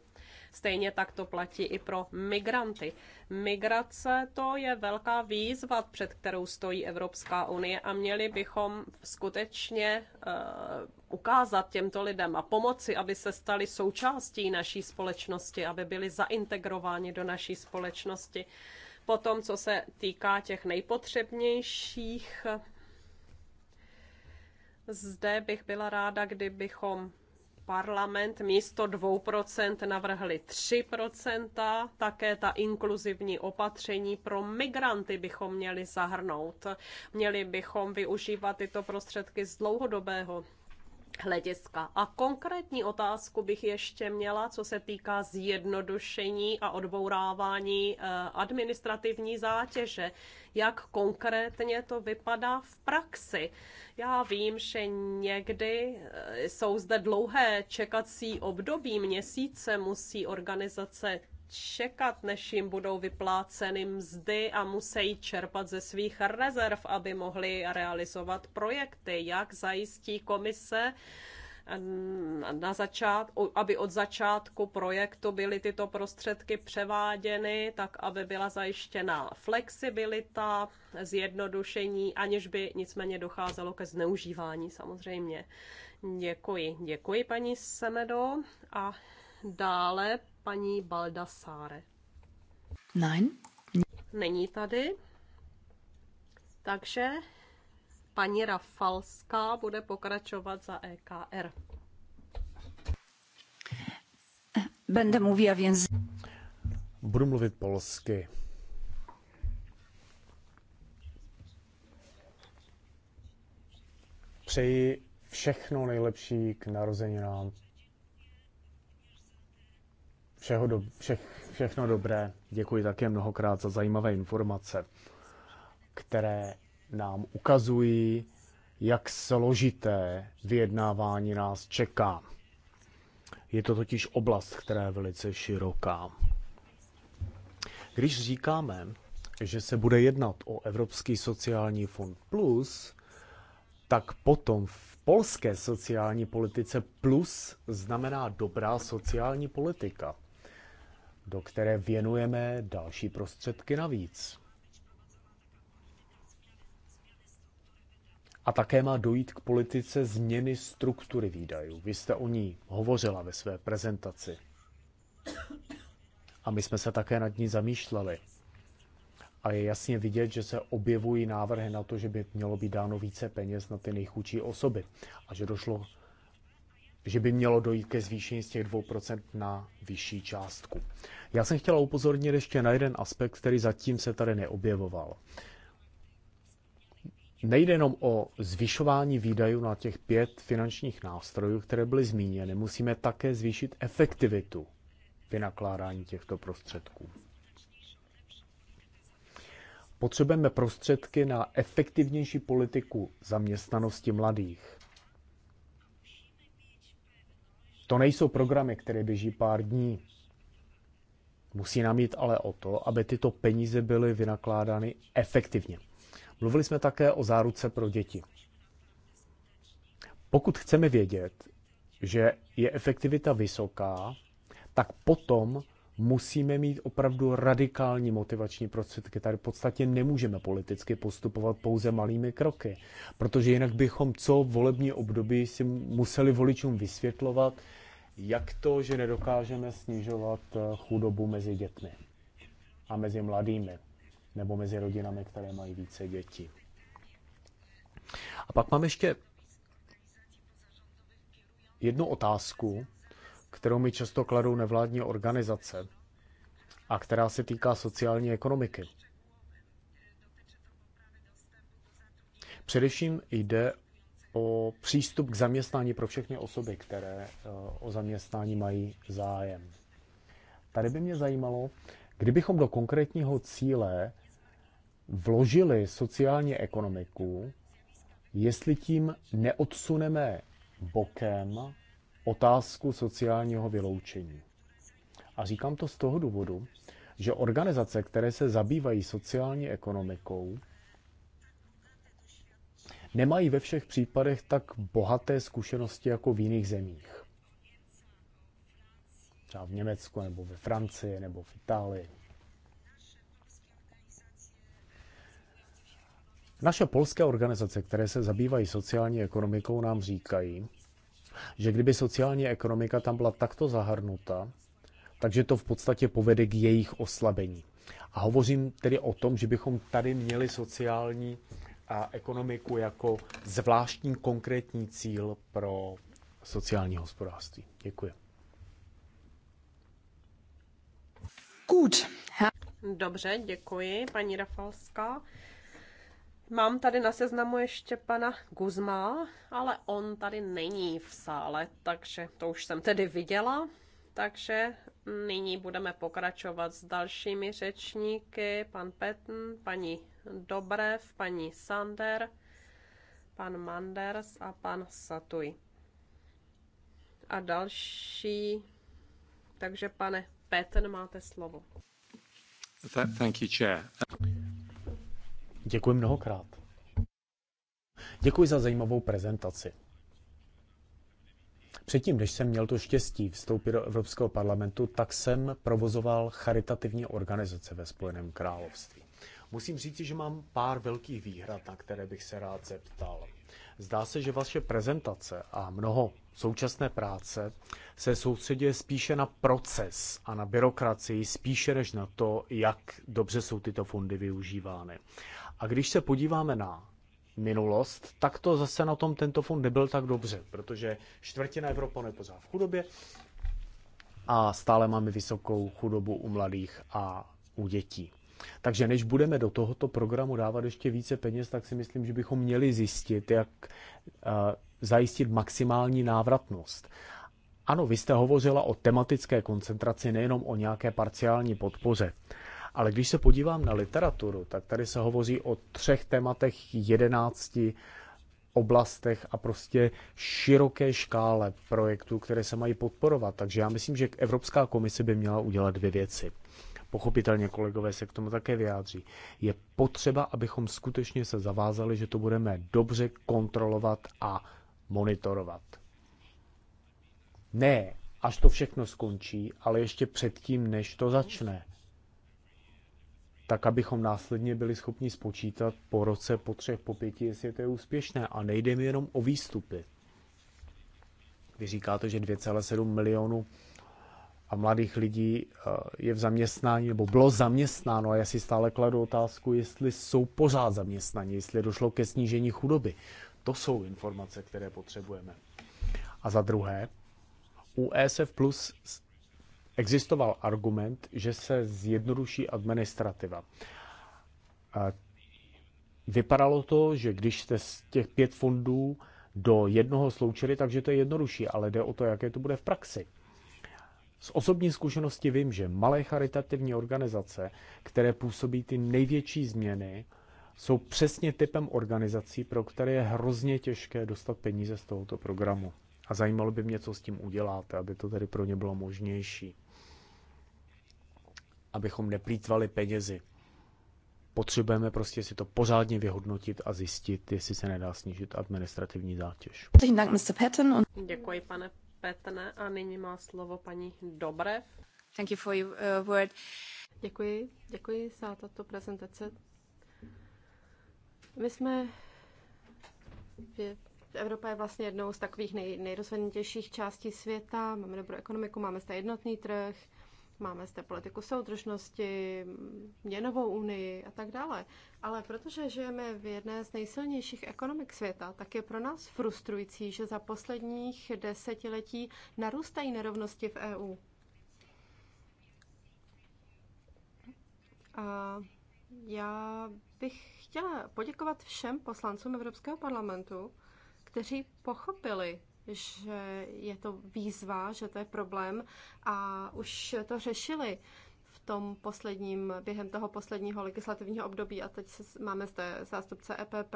Stejně tak to platí i pro migranty. Migrace to je velká výzva, před kterou stojí Evropská unie a měli bychom skutečně eh, ukázat těmto lidem a pomoci, aby se stali součástí naší společnosti, aby byli zaintegrováni do naší společnosti. Potom, co se týká těch nejpotřebnějších, zde bych byla ráda, kdybychom parlament místo 2% navrhli 3%, také ta inkluzivní opatření pro migranty bychom měli zahrnout. Měli bychom využívat tyto prostředky z dlouhodobého hlediska. A konkrétní otázku bych ještě měla, co se týká zjednodušení a odbourávání eh, administrativní zátěže. Jak konkrétně to vypadá v praxi? Já vím, že někdy eh, jsou zde dlouhé čekací období, měsíce musí organizace čekat, než jim budou vypláceny mzdy a musí čerpat ze svých rezerv, aby mohli realizovat projekty. Jak zajistí komise, eh, na začát, aby od začátku projektu byly tyto prostředky převáděny, tak aby byla zajištěna flexibilita, zjednodušení, aniž by nicméně docházelo ke zneužívání samozřejmě. Děkuji. Děkuji paní Semedo a dále paní Baldassare. Nein. Není tady. Takže paní Rafalská bude pokračovat za EKR. Bende mluví a věn... Budu mluvit polsky. Přeji všechno nejlepší k narozeninám Všeho do, vše, všechno dobré. Děkuji také mnohokrát za zajímavé informace, které nám ukazují, jak složité vyjednávání nás čeká. Je to totiž oblast, která je velice široká. Když říkáme, že se bude jednat o Evropský sociální fond plus, tak potom v polské sociální politice plus znamená dobrá sociální politika do které věnujeme další prostředky navíc. A také má dojít k politice změny struktury výdajů. Vy jste o ní hovořila ve své prezentaci. A my jsme se také nad ní zamýšleli. A je jasně vidět, že se objevují návrhy na to, že by mělo být dáno více peněz na ty nejchudší osoby a že došlo že by mělo dojít ke zvýšení z těch 2% na vyšší částku. Já jsem chtěla upozornit ještě na jeden aspekt, který zatím se tady neobjevoval. Nejde jenom o zvyšování výdajů na těch pět finančních nástrojů, které byly zmíněny, musíme také zvýšit efektivitu vynakládání těchto prostředků. Potřebujeme prostředky na efektivnější politiku zaměstnanosti mladých. To nejsou programy, které běží pár dní. Musí nám jít ale o to, aby tyto peníze byly vynakládány efektivně. Mluvili jsme také o záruce pro děti. Pokud chceme vědět, že je efektivita vysoká, tak potom musíme mít opravdu radikální motivační prostředky. Tady v podstatě nemůžeme politicky postupovat pouze malými kroky, protože jinak bychom co volební období si museli voličům vysvětlovat, jak to, že nedokážeme snižovat eh, chudobu mezi dětmi a mezi mladými, nebo mezi rodinami, které mají více dětí. A pak mám ještě jednu otázku, kterou mi často kladou nevládní organizace a která se týká sociální ekonomiky. Především jde o přístup k zaměstnání pro všechny osoby, které e, o zaměstnání mají zájem. Tady by mě zajímalo, kdybychom do konkrétního cíle vložili sociální ekonomiku, jestli tím neodsuneme bokem otázku sociálního vyloučení. A říkám to z toho důvodu, že organizace, které se zabývají sociální ekonomikou, nemají ve všech případech tak bohaté zkušenosti jako v jiných zemích. Třeba v Německu, nebo ve Francii, nebo v Itálii. Naše polské organizace, které se zabývají sociální ekonomikou, nám říkají, že kdyby sociální ekonomika tam byla takto zahrnuta, takže to v podstatě povede k jejich oslabení. A hovořím tedy o tom, že bychom tady měli sociální a ekonomiku jako zvláštní konkrétní cíl pro sociální hospodářství. Děkuji. Gut. Dobře, děkuji, paní Rafalská. Mám tady na seznamu ještě pana Guzma, ale on tady není v sále, takže to už jsem tedy viděla. Takže Nyní budeme pokračovat s dalšími řečníky. Pan Petn, paní Dobrev, paní Sander, pan Manders a pan Satuj. A další. Takže pane Petn, máte slovo. Thank you, chair. Děkuji mnohokrát. Děkuji za zajímavou prezentaci. Předtím než jsem měl to štěstí vstoupit do Evropského parlamentu, tak jsem provozoval charitativní organizace ve Spojeném království. Musím říct, že mám pár velkých výhrad, na které bych se rád zeptal. Zdá se, že vaše prezentace a mnoho současné práce se soustředuje spíše na proces a na byrokracii, spíše než na to, jak dobře jsou tyto fondy využívány. A když se podíváme na minulost, tak to zase na tom tento fond nebyl tak dobře, protože čtvrtina Evropanů je pořád v chudobě a stále máme vysokou chudobu u mladých a u dětí. Takže než budeme do tohoto programu dávat ještě více peněz, tak si myslím, že bychom měli zjistit, jak eh, zajistit maximální návratnost. Ano, vy jste hovořila o tematické koncentraci, nejenom o nějaké parciální podpoře. Ale když se podívám na literaturu, tak tady se hovoří o třech tématech, jedenácti oblastech a prostě široké škále projektů, které se mají podporovat. Takže já myslím, že Evropská komise by měla udělat dvě věci. Pochopitelně kolegové se k tomu také vyjádří. Je potřeba, abychom skutečně se zavázali, že to budeme dobře kontrolovat a monitorovat. Ne, až to všechno skončí, ale ještě předtím, než to začne tak abychom následně byli schopni spočítat po roce, po třech, po pěti, jestli to je úspěšné. A nejde mi jenom o výstupy. Vy říkáte, že 2,7 milionů a mladých lidí eh, je v zaměstnání, nebo bylo zaměstnáno a já si stále kladu otázku, jestli jsou pořád zaměstnaní, jestli došlo ke snížení chudoby. To jsou informace, které potřebujeme. A za druhé, u ESF Plus existoval argument, že se zjednoduší administrativa. Vypadalo to, že když jste z těch pět fondů do jednoho sloučili, takže to je jednodušší, ale jde o to, jaké to bude v praxi. Z osobní zkušenosti vím, že malé charitativní organizace, které působí ty největší změny, jsou přesně typem organizací, pro které je hrozně těžké dostat peníze z tohoto programu. A zajímalo by mě, co s tím uděláte, aby to tedy pro ně bylo možnější abychom neplýtvali penězi. Potřebujeme prostě si to pořádně vyhodnotit a zjistit, jestli se nedá snížit administrativní zátěž. Děkuji, pane Petne. A nyní má slovo paní Dobrev. Thank you for your uh, word. Děkuji, děkuji za tato prezentace. My jsme Evropa je vlastně jednou z takových nej, nejrozvinutějších částí světa, máme dobrou ekonomiku, máme zde jednotný trh, máme zde politiku soudržnosti, měnovou unii a tak dále. Ale protože žijeme v jedné z nejsilnějších ekonomik světa, tak je pro nás frustrující, že za posledních desetiletí narůstají nerovnosti v EU. A já bych chtěla poděkovat všem poslancům Evropského parlamentu, kteří pochopili že je to výzva, že to je problém a už to řešili v tom posledním, během toho posledního legislativního období a teď máme zde zástupce EPP,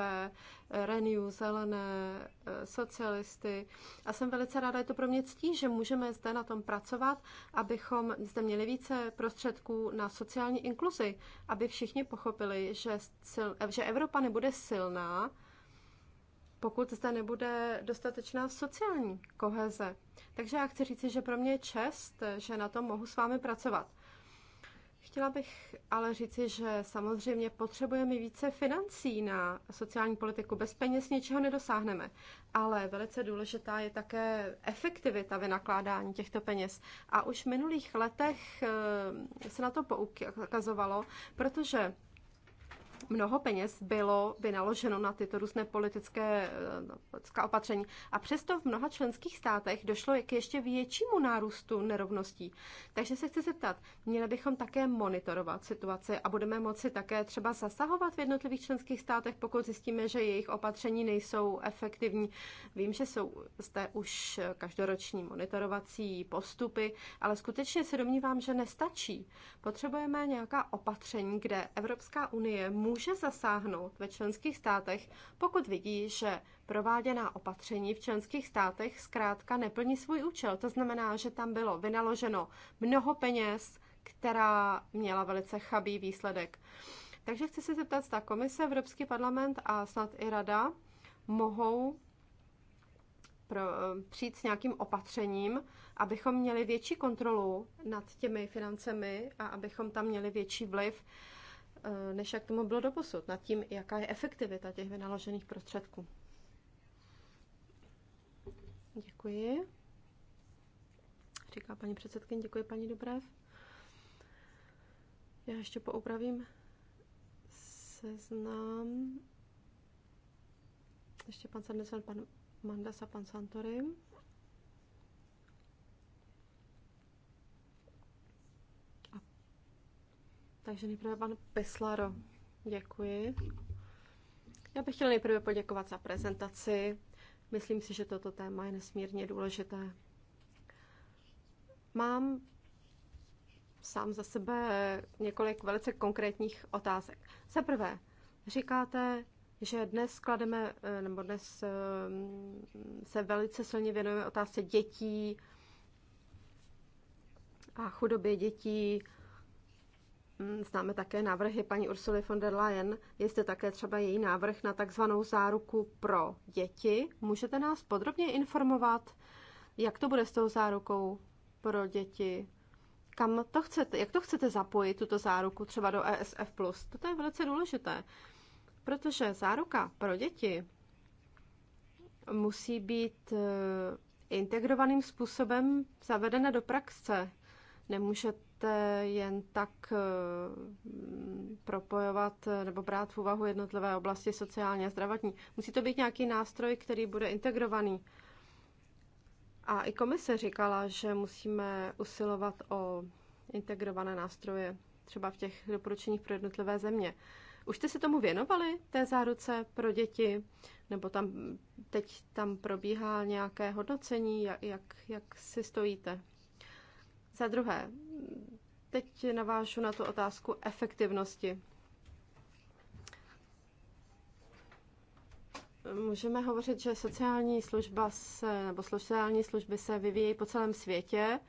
Renew, Zelené, eh, socialisty a jsem velice ráda, je to pro mě ctí, že můžeme zde na tom pracovat, abychom zde měli více prostředků na sociální inkluzi, aby všichni pochopili, že, sil, že Evropa nebude silná, pokud zde nebude dostatečná sociální koheze. Takže já chci říci, že pro mě je čest, že na tom mohu s vámi pracovat. Chtěla bych ale říci, že samozřejmě potřebujeme více financí na sociální politiku. Bez peněz ničeho nedosáhneme. Ale velice důležitá je také efektivita vynakládání těchto peněz. A už v minulých letech eh, se na to poukazovalo, protože mnoho peněz bylo vynaloženo na tyto různé politické, eh, politické opatření. A přesto v mnoha členských státech došlo k ještě většímu nárůstu nerovností. Takže se chci zeptat, měli bychom také monitorovat situaci a budeme moci také třeba zasahovat v jednotlivých členských státech, pokud zjistíme, že jejich opatření nejsou efektivní. Vím, že jsou zde už každoroční monitorovací postupy, ale skutečně se domnívám, že nestačí. Potřebujeme nějaká opatření, kde Evropská unie může zasáhnout ve členských státech, pokud vidí, že prováděná opatření v členských státech zkrátka neplní svůj účel. To znamená, že tam bylo vynaloženo mnoho peněz, která měla velice chabý výsledek. Takže chci se zeptat, zda komise, Evropský parlament a snad i rada mohou pro, přijít s nějakým opatřením, abychom měli větší kontrolu nad těmi financemi a abychom tam měli větší vliv. Eh, než jak tomu bylo doposud, nad tím, jaká je efektivita těch vynaložených prostředků. Děkuji. Říká paní předsedkyně, děkuji paní Dobrev. Já ještě poupravím seznam. Ještě pan Sanderson, pan Mandas a pan Santorim. Takže nejprve pan Pislaro. Děkuji. Já bych chtěla nejprve poděkovat za prezentaci. Myslím si, že toto téma je nesmírně důležité. Mám sám za sebe několik velice konkrétních otázek. Za prvé, říkáte, že dnes klademe, eh, nebo dnes eh, se velice silně věnujeme otázce dětí a chudobě dětí, Mm, známe také návrhy paní Ursuly von der Leyen. Je zde také třeba její návrh na takzvanou záruku pro děti. Můžete nás podrobně informovat, jak to bude s tou zárukou pro děti? Kam to chcete, jak to chcete zapojit, tuto záruku třeba do ESF+. To je velice důležité, protože záruka pro děti musí být eh, integrovaným způsobem zavedena do praxe. Nemůže jen tak eh, propojovat eh, nebo brát v úvahu jednotlivé oblasti sociálně a zdravotní. Musí to být nějaký nástroj, který bude integrovaný. A i komise říkala, že musíme usilovat o integrované nástroje, třeba v těch doporučeních pro jednotlivé země. Už jste se tomu věnovali, té záruce pro děti? Nebo tam, teď tam probíhá nějaké hodnocení, jak, jak, jak si stojíte? Za druhé, Teď navážu na tu otázku efektivnosti. Můžeme hovořit, že sociální služba se, nebo sociální služby se vyvíjejí po celém světě.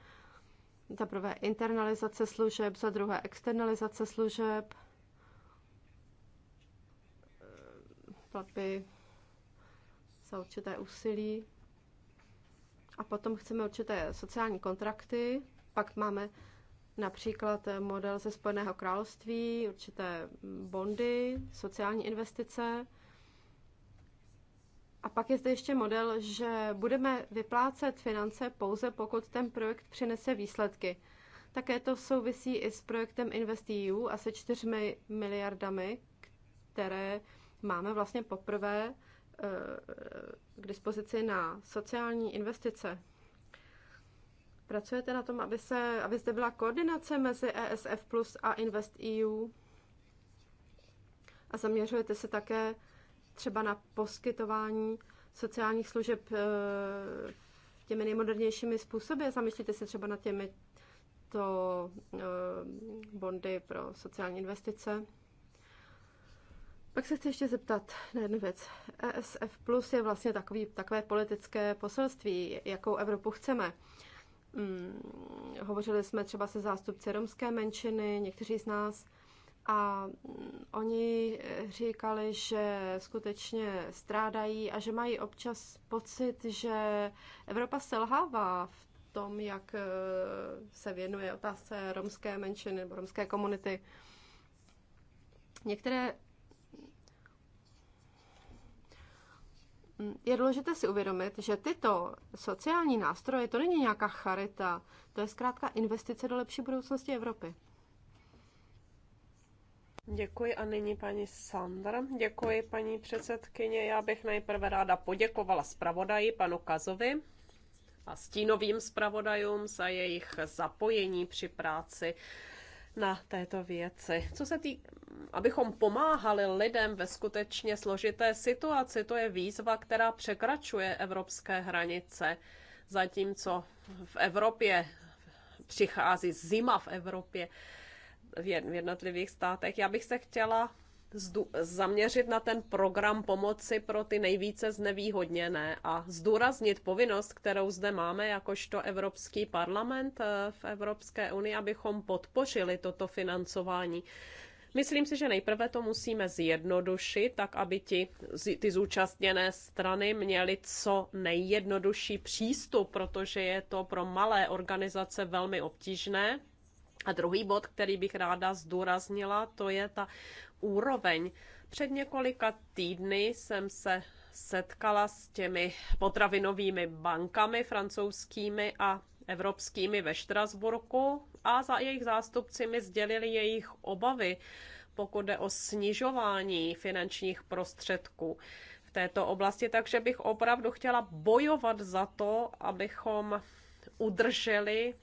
Za prvé internalizace služeb, za druhé externalizace služeb, platby za určité úsilí. A potom chceme určité sociální kontrakty, pak máme například eh, model ze Spojeného království, určité mm, bondy, sociální investice. A pak je zde ještě model, že budeme vyplácet finance pouze pokud ten projekt přinese výsledky. Také to souvisí i s projektem InvestEU a se čtyřmi miliardami, které máme vlastně poprvé eh, k dispozici na sociální investice. Pracujete na tom, aby, se, aby zde byla koordinace mezi ESF Plus a Invest EU? A zaměřujete se také třeba na poskytování sociálních služeb eh, těmi nejmodernějšími způsoby? Zamyslíte se třeba na těmi to eh, bondy pro sociální investice? Pak se chci ještě zeptat na jednu věc. ESF Plus je vlastně takový, takové politické poselství, jakou Evropu chceme. Hmm, hovořili jsme třeba se zástupci romské menšiny, někteří z nás, a mm, oni eh, říkali, že skutečně strádají a že mají občas pocit, že Evropa selhává v tom, jak eh, se věnuje otázce romské menšiny nebo romské komunity. Některé je důležité si uvědomit, že tyto sociální nástroje, to není nějaká charita, to je zkrátka investice do lepší budoucnosti Evropy. Děkuji a nyní paní Sandr. Děkuji paní předsedkyně. Já bych nejprve ráda poděkovala zpravodaji panu Kazovi a stínovým zpravodajům za jejich zapojení při práci na této věci. Co se týká abychom pomáhali lidem ve skutečně složité situaci. To je výzva, která překračuje evropské hranice. Zatímco v Evropě přichází zima v Evropě, v jednotlivých státech. Já bych se chtěla zaměřit na ten program pomoci pro ty nejvíce znevýhodněné a zdůraznit povinnost, kterou zde máme jakožto Evropský parlament eh, v Evropské unii, abychom podpořili toto financování. Myslím si, že nejprve to musíme zjednodušit, tak aby ti, ty zúčastněné strany měly co nejjednodušší přístup, protože je to pro malé organizace velmi obtížné. A druhý bod, který bych ráda zdůraznila, to je ta úroveň. Před několika týdny jsem se setkala s těmi potravinovými bankami francouzskými a evropskými ve Štrasburku a za jejich zástupci mi sdělili jejich obavy, pokud jde o snižování finančních prostředků v této oblasti. Takže bych opravdu chtěla bojovat za to, abychom udrželi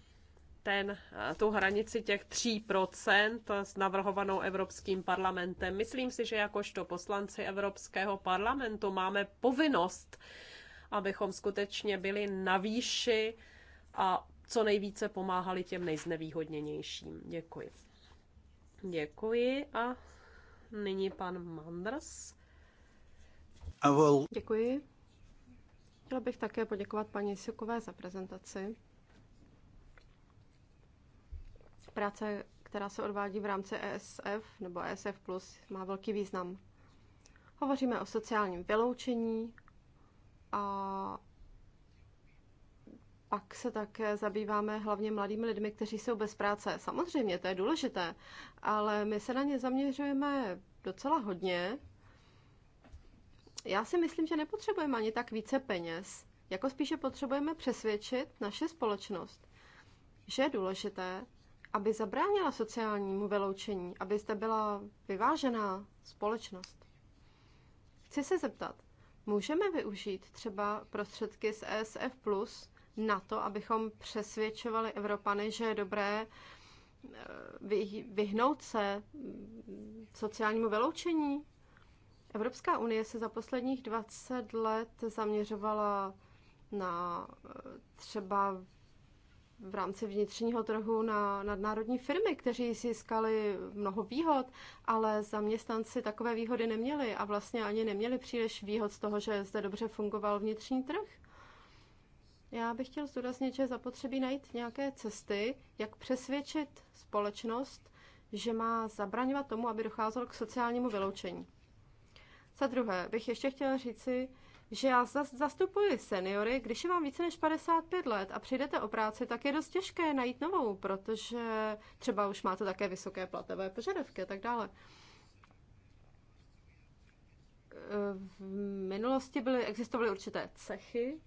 ten, tu hranici těch 3% s navrhovanou Evropským parlamentem. Myslím si, že jakožto poslanci Evropského parlamentu máme povinnost, abychom skutečně byli na výši a co nejvíce pomáhali těm nejznevýhodněnějším. Děkuji. Děkuji a nyní pan Mandras. Děkuji. Chtěla bych také poděkovat paní Sukové za prezentaci. Práce, která se odvádí v rámci ESF nebo ESF+, má velký význam. Hovoříme o sociálním vyloučení a pak se také zabýváme hlavně mladými lidmi, kteří jsou bez práce. Samozřejmě, to je důležité, ale my se na ně zaměřujeme docela hodně. Já si myslím, že nepotřebujeme ani tak více peněz, jako spíše potřebujeme přesvědčit naše společnost, že je důležité, aby zabránila sociálnímu vyloučení, aby zde byla vyvážená společnost. Chci se zeptat, můžeme využít třeba prostředky z ESF+, na to, abychom přesvědčovali Evropany, že je dobré eh, vyhnout se sociálnímu vyloučení. Evropská unie se za posledních 20 let zaměřovala na eh, třeba v rámci vnitřního trhu na nadnárodní firmy, kteří získali mnoho výhod, ale zaměstnanci takové výhody neměli a vlastně ani neměli příliš výhod z toho, že zde dobře fungoval vnitřní trh. Já bych chtěl zdůraznit, že zapotřebí najít nějaké cesty, jak přesvědčit společnost, že má zabraňovat tomu, aby docházelo k sociálnímu vyloučení. Za druhé bych ještě chtěla říci, že já zastupuji seniory, když je vám více než 55 let a přijdete o práci, tak je dost těžké najít novou, protože třeba už máte také vysoké platové požadavky a tak dále. V minulosti byly, existovaly určité cechy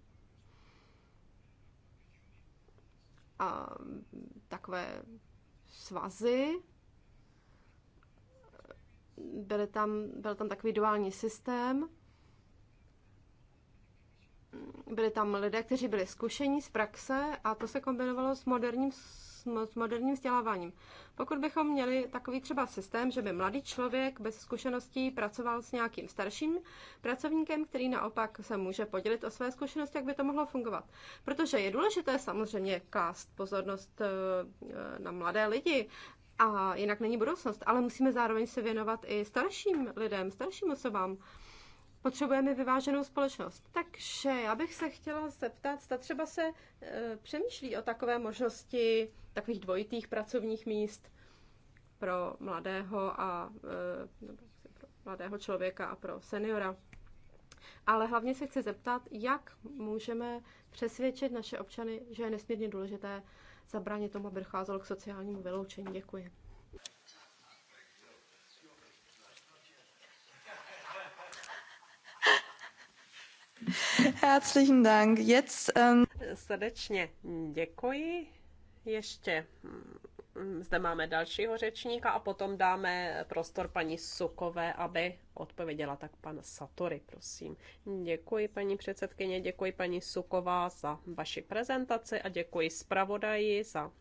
a takové svazy. Byly tam, byl tam takový duální systém. Byli tam lidé, kteří byli zkušení z praxe a to se kombinovalo s moderním s, s moderním vzděláváním. Pokud bychom měli takový třeba systém, že by mladý člověk bez zkušeností pracoval s nějakým starším pracovníkem, který naopak se může podělit o své zkušenosti, jak by to mohlo fungovat. Protože je důležité samozřejmě klást pozornost eh, eh, na mladé lidi, a jinak není budoucnost, ale musíme zároveň se věnovat i starším lidem, starším osobám. Potřebujeme vyváženou společnost. Takže já bych se chtěla zeptat, zda třeba se e, přemýšlí o takové možnosti takových dvojitých pracovních míst pro mladého a e, no, prostě pro mladého člověka a pro seniora. Ale hlavně se chci zeptat, jak můžeme přesvědčit naše občany, že je nesmírně důležité zabránit tomu, aby docházelo k sociálnímu vyloučení. Děkuji. Herzlichen Dank. Jetzt, um... Srdečně děkuji. Ještě mm, zde máme dalšího řečníka a potom dáme prostor paní Sukové, aby odpověděla. Tak pan Satory, prosím. Děkuji, paní předsedkyně, děkuji paní Suková za vaši prezentaci a děkuji zpravodaji za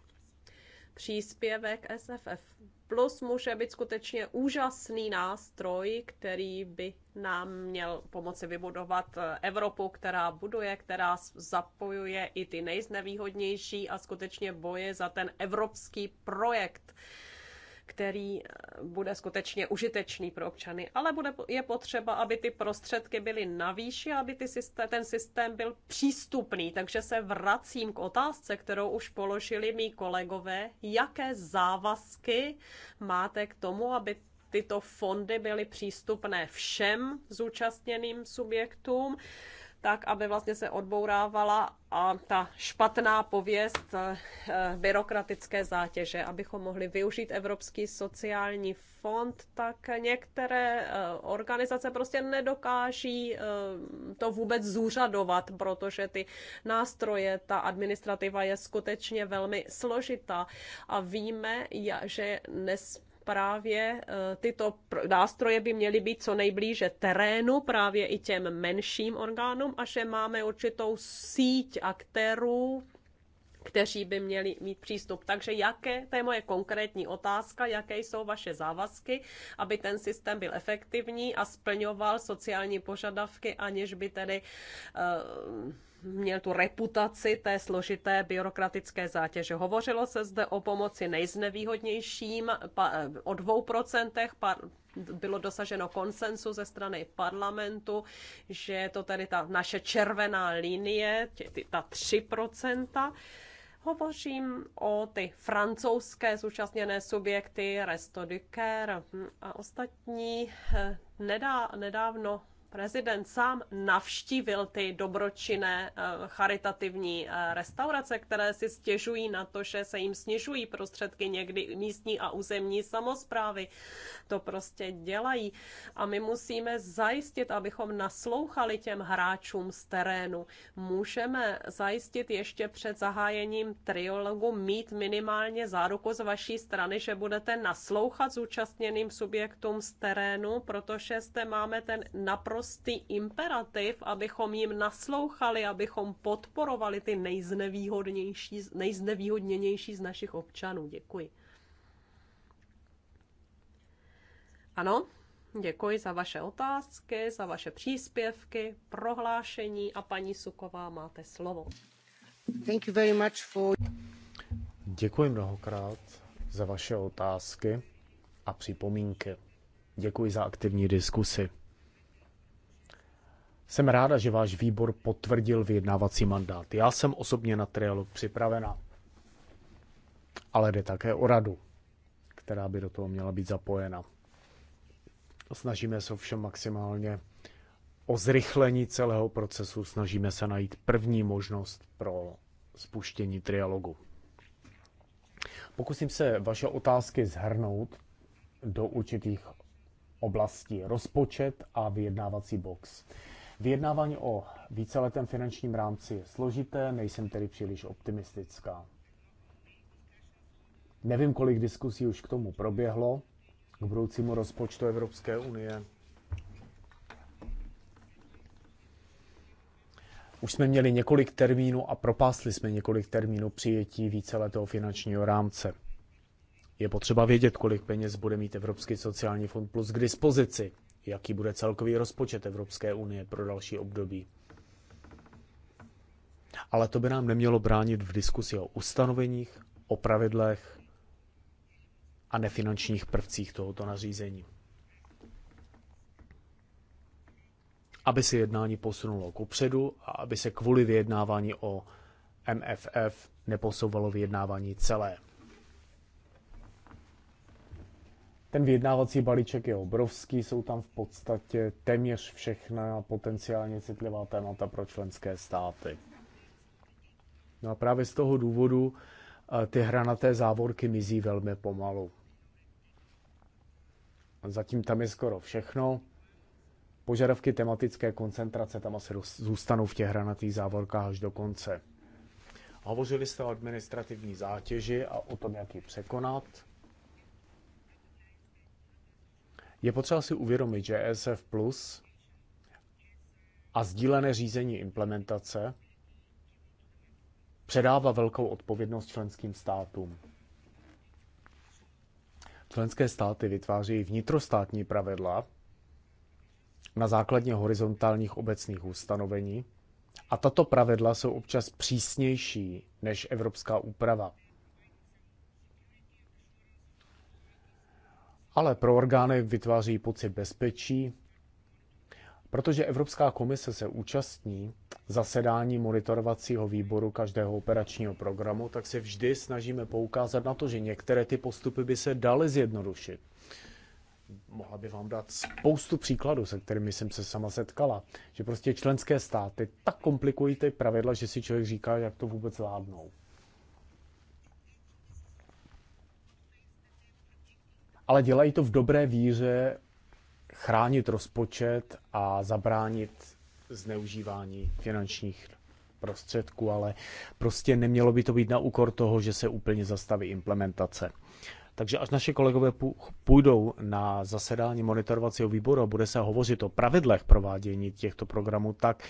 příspěvek SFF Plus může být skutečně úžasný nástroj, který by nám měl pomoci vybudovat eh, Evropu, která buduje, která zapojuje i ty nejznevýhodnější a skutečně boje za ten evropský projekt který eh, bude skutečně užitečný pro občany, ale bude, je potřeba, aby ty prostředky byly navýši, aby ty systém, ten systém byl přístupný. Takže se vracím k otázce, kterou už položili mý kolegové. Jaké závazky máte k tomu, aby tyto fondy byly přístupné všem zúčastněným subjektům? tak aby vlastně se odbourávala a ta špatná pověst eh, byrokratické zátěže, abychom mohli využít Evropský sociální fond, tak některé eh, organizace prostě nedokáží eh, to vůbec zúřadovat, protože ty nástroje, ta administrativa je skutečně velmi složitá a víme, že nes právě eh, tyto nástroje by měly být co nejblíže terénu, právě i těm menším orgánům a že máme určitou síť aktérů, kteří by měli mít přístup. Takže jaké, to je moje konkrétní otázka, jaké jsou vaše závazky, aby ten systém byl efektivní a splňoval sociální požadavky, aniž by tedy uh, měl tu reputaci té složité byrokratické zátěže. Hovořilo se zde o pomoci nejznevýhodnějším, o dvou procentech, bylo dosaženo konsensu ze strany parlamentu, že je to tedy ta naše červená linie, ta 3 hovořím o ty francouzské zúčastněné subjekty Resto du a ostatní. Eh, nedá, nedávno prezident sám navštívil ty dobročinné eh, charitativní eh, restaurace, které si stěžují na to, že se jim snižují prostředky někdy místní a územní samozprávy. To prostě dělají. A my musíme zajistit, abychom naslouchali těm hráčům z terénu. Můžeme zajistit ještě před zahájením triologu mít minimálně záruku z vaší strany, že budete naslouchat zúčastněným subjektům z terénu, protože jste máme ten naprosto prostý imperativ, abychom jim naslouchali, abychom podporovali ty nejznevýhodnější, nejznevýhodněnější z našich občanů. Děkuji. Ano, děkuji za vaše otázky, za vaše příspěvky, prohlášení a paní Suková, máte slovo. Thank you very much for... Děkuji mnohokrát za vaše otázky a připomínky. Děkuji za aktivní diskusi. Jsem ráda, že váš výbor potvrdil vyjednávací mandát. Já jsem osobně na trialog připravena. Ale jde také o radu, která by do toho měla být zapojena. Snažíme se ovšem maximálně o zrychlení celého procesu, snažíme se najít první možnost pro spuštění trialogu. Pokusím se vaše otázky zhrnout do určitých oblastí. Rozpočet a vyjednávací box. Vyjednávání o víceletém finančním rámci je složité, nejsem tedy příliš optimistická. Nevím, kolik diskusí už k tomu proběhlo, k budoucímu rozpočtu Evropské unie. Už jsme měli několik termínů a propásli jsme několik termínů přijetí víceletého finančního rámce. Je potřeba vědět, kolik peněz bude mít Evropský sociální fond plus k dispozici jaký bude celkový rozpočet Evropské unie pro další období. Ale to by nám nemělo bránit v diskusi o ustanoveních, o pravidlech a nefinančních prvcích tohoto nařízení. Aby se jednání posunulo kupředu a aby se kvůli vyjednávání o MFF neposouvalo vyjednávání celé. Ten vyjednávací balíček je obrovský, jsou tam v podstatě téměř všechna potenciálně citlivá témata pro členské státy. No a právě z toho důvodu eh, ty hranaté závorky mizí velmi pomalu. Zatím tam je skoro všechno. Požadavky tematické koncentrace tam asi zůstanou v těch hranatých závorkách až do konce. Hovořili jste o administrativní zátěži a o tom, jak ji překonat – je potřeba si uvědomit, že ESF Plus a sdílené řízení implementace předává velkou odpovědnost členským státům. Členské státy vytváří vnitrostátní pravidla na základě horizontálních obecných ustanovení a tato pravidla jsou občas přísnější než evropská úprava. ale pro orgány vytváří pocit bezpečí, protože Evropská komise se účastní zasedání monitorovacího výboru každého operačního programu, tak se vždy snažíme poukázat na to, že některé ty postupy by se daly zjednodušit. Mohla by vám dát spoustu příkladů, se kterými jsem se sama setkala, že prostě členské státy tak komplikují ty pravidla, že si člověk říká, jak to vůbec vládnou. ale dělají to v dobré víře chránit rozpočet a zabránit zneužívání finančních prostředků, ale prostě nemělo by to být na úkor toho, že se úplně zastaví implementace. Takže až naše kolegové půjdou na zasedání monitorovacího výboru a bude se hovořit o pravidlech provádění těchto programů, tak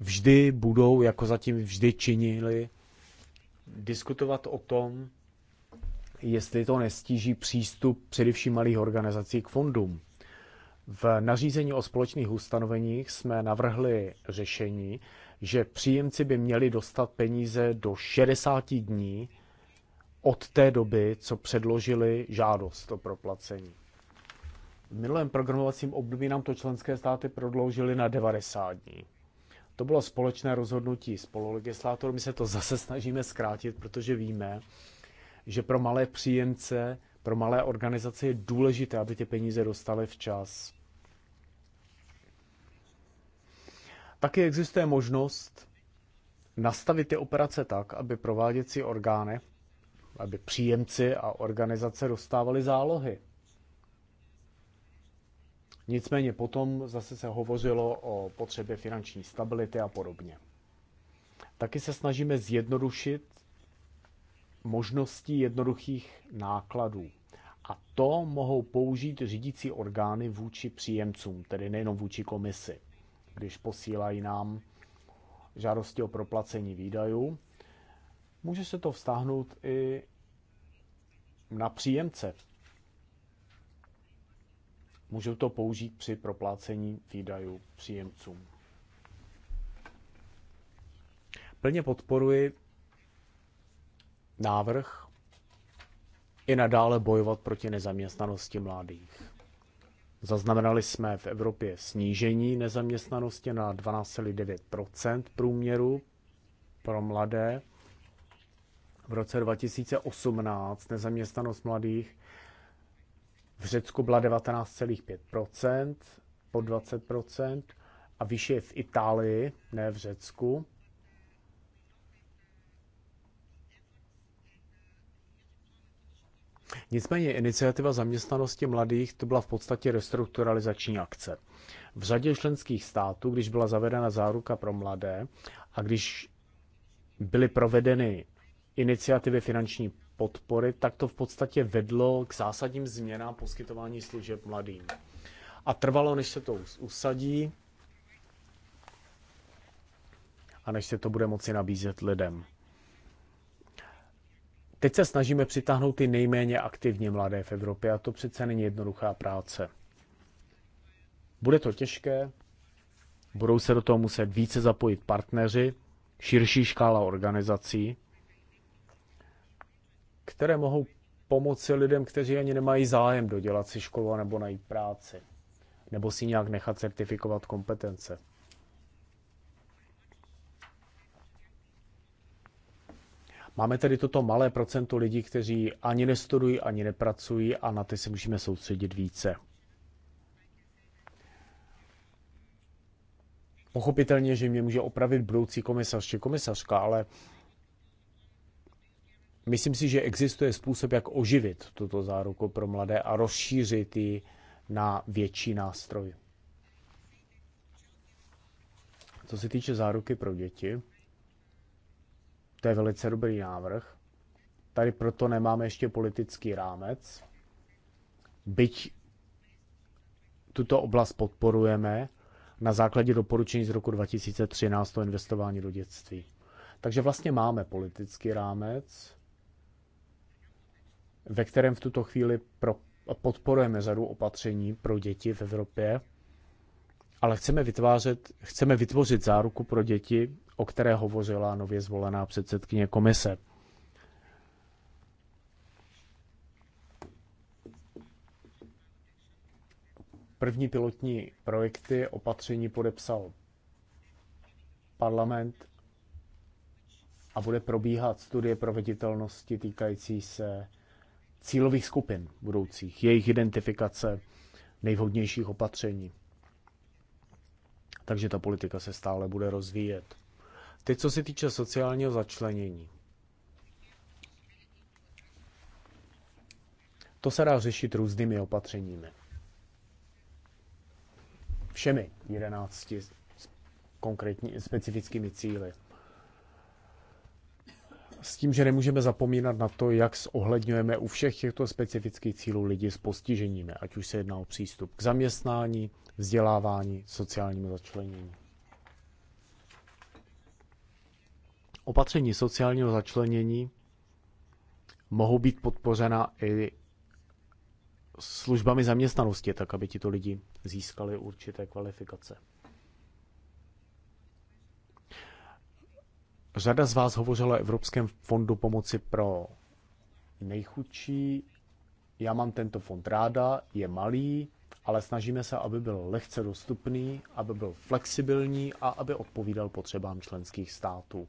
vždy budou, jako zatím vždy činili, diskutovat o tom, jestli to nestíží přístup především malých organizací k fondům. V nařízení o společných ustanoveních jsme navrhli řešení, že příjemci by měli dostat peníze do 60 dní od té doby, co předložili žádost o proplacení. V minulém programovacím období nám to členské státy prodloužily na 90 dní. To bylo společné rozhodnutí spolulegislátorů. My se to zase snažíme zkrátit, protože víme, že pro malé příjemce, pro malé organizace je důležité, aby ty peníze dostaly včas. Taky existuje možnost nastavit ty operace tak, aby prováděcí orgány, aby příjemci a organizace dostávali zálohy. Nicméně potom zase se hovořilo o potřebě finanční stability a podobně. Taky se snažíme zjednodušit možností jednoduchých nákladů. A to mohou použít řídící orgány vůči příjemcům, tedy nejenom vůči komisi, když posílají nám žádosti o proplacení výdajů. Může se to vztáhnout i na příjemce. Můžou to použít při proplácení výdajů příjemcům. Plně podporuji návrh i nadále bojovat proti nezaměstnanosti mladých. Zaznamenali jsme v Evropě snížení nezaměstnanosti na 12,9 průměru pro mladé. V roce 2018 nezaměstnanost mladých v Řecku byla 19,5 po 20 a vyšší je v Itálii, ne v Řecku. Nicméně iniciativa zaměstnanosti mladých to byla v podstatě restrukturalizační akce. V řadě členských států, když byla zavedena záruka pro mladé a když byly provedeny iniciativy finanční podpory, tak to v podstatě vedlo k zásadním změnám poskytování služeb mladým. A trvalo, než se to usadí a než se to bude moci nabízet lidem. Teď se snažíme přitáhnout ty nejméně aktivní mladé v Evropě a to přece není jednoduchá práce. Bude to těžké, budou se do toho muset více zapojit partneři, širší škála organizací, které mohou pomoci lidem, kteří ani nemají zájem dodělat si školu nebo najít práci, nebo si nějak nechat certifikovat kompetence. Máme tedy toto malé procento lidí, kteří ani nestudují, ani nepracují a na ty se musíme soustředit více. Pochopitelně, že mě může opravit budoucí komisař či komisařka, ale myslím si, že existuje způsob, jak oživit tuto záruku pro mladé a rozšířit ji na větší nástroj. Co se týče záruky pro děti, to je velice dobrý návrh. Tady proto nemáme ještě politický rámec. Byť tuto oblast podporujeme na základě doporučení z roku 2013 o investování do dětství. Takže vlastně máme politický rámec, ve kterém v tuto chvíli pro, podporujeme řadu opatření pro děti v Evropě, ale chceme, vytvářet, chceme vytvořit záruku pro děti o které hovořila nově zvolená předsedkyně komise. První pilotní projekty opatření podepsal parlament a bude probíhat studie proveditelnosti týkající se cílových skupin budoucích, jejich identifikace nejvhodnějších opatření. Takže ta politika se stále bude rozvíjet. Teď, co se týče sociálního začlenění. To se dá řešit různými opatřeními. Všemi 11 konkrétní, specifickými cíly. S tím, že nemůžeme zapomínat na to, jak zohledňujeme u všech těchto specifických cílů lidi s postiženími, ať už se jedná o přístup k zaměstnání, vzdělávání, sociálnímu začlenění. opatření sociálního začlenění mohou být podpořena i službami zaměstnanosti, tak aby tito lidi získali určité kvalifikace. Řada z vás hovořila o Evropském fondu pomoci pro nejchudší. Já mám tento fond ráda, je malý, ale snažíme se, aby byl lehce dostupný, aby byl flexibilní a aby odpovídal potřebám členských států.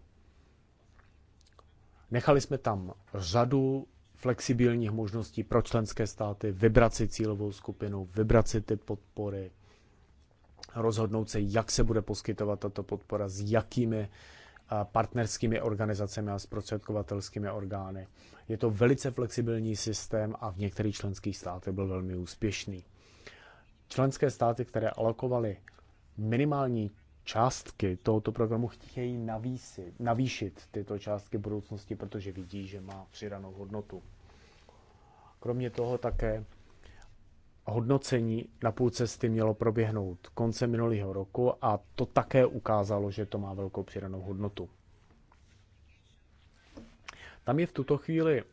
Nechali jsme tam řadu flexibilních možností pro členské státy, vybrat si cílovou skupinu, vybrat si ty podpory, rozhodnout se, jak se bude poskytovat tato podpora, s jakými eh, partnerskými organizacemi a zprostředkovatelskými orgány. Je to velice flexibilní systém a v některých členských státech byl velmi úspěšný. Členské státy, které alokovaly minimální částky tohoto programu chtějí navýsit, navýšit tyto částky budoucnosti, protože vidí, že má přidanou hodnotu. Kromě toho také hodnocení na půl cesty mělo proběhnout konce minulého roku a to také ukázalo, že to má velkou přidanou hodnotu. Tam je v tuto chvíli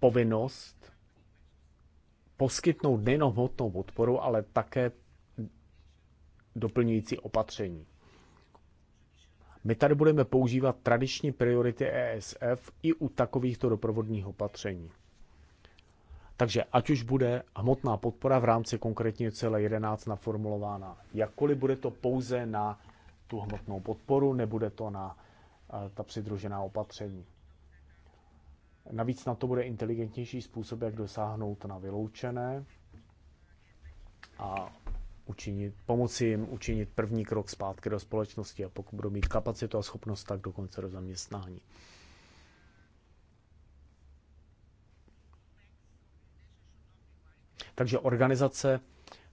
povinnost poskytnout nejenom hmotnou podporu, ale také doplňující opatření. My tady budeme používat tradiční priority ESF i u takovýchto doprovodních opatření. Takže ať už bude hmotná podpora v rámci konkrétně celé 11 naformulována, jakkoliv bude to pouze na tu hmotnou podporu, nebude to na eh, ta přidružená opatření. Navíc na to bude inteligentnější způsob, jak dosáhnout na vyloučené a učinit, pomoci jim učinit první krok zpátky do společnosti a pokud budou mít kapacitu a schopnost, tak dokonce do zaměstnání. Takže organizace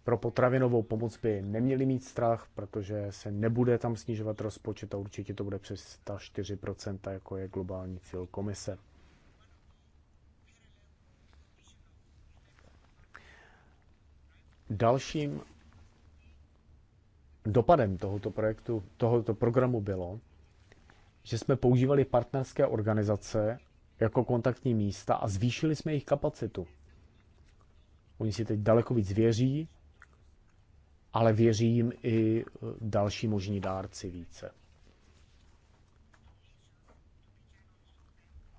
pro potravinovou pomoc by neměly mít strach, protože se nebude tam snižovat rozpočet a určitě to bude přes ta 4%, jako je globální cíl komise. Dalším dopadem tohoto projektu, tohoto programu bylo, že jsme používali partnerské organizace jako kontaktní místa a zvýšili jsme jejich kapacitu. Oni si teď daleko víc věří, ale věří jim i eh, další možní dárci více.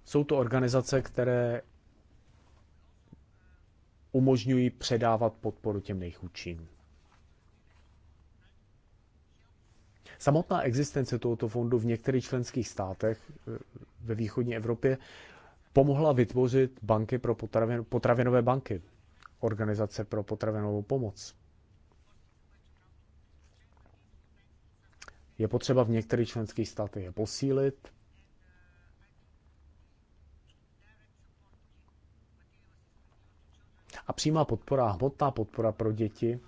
Jsou to organizace, které umožňují předávat podporu těm nejchudším. Samotná existence tohoto fondu v některých členských státech eh, ve východní Evropě pomohla vytvořit banky pro potravin, potravinové banky, organizace pro potravinovou pomoc. Je potřeba v některých členských státech je posílit, a přímá podpora, hmotná podpora pro děti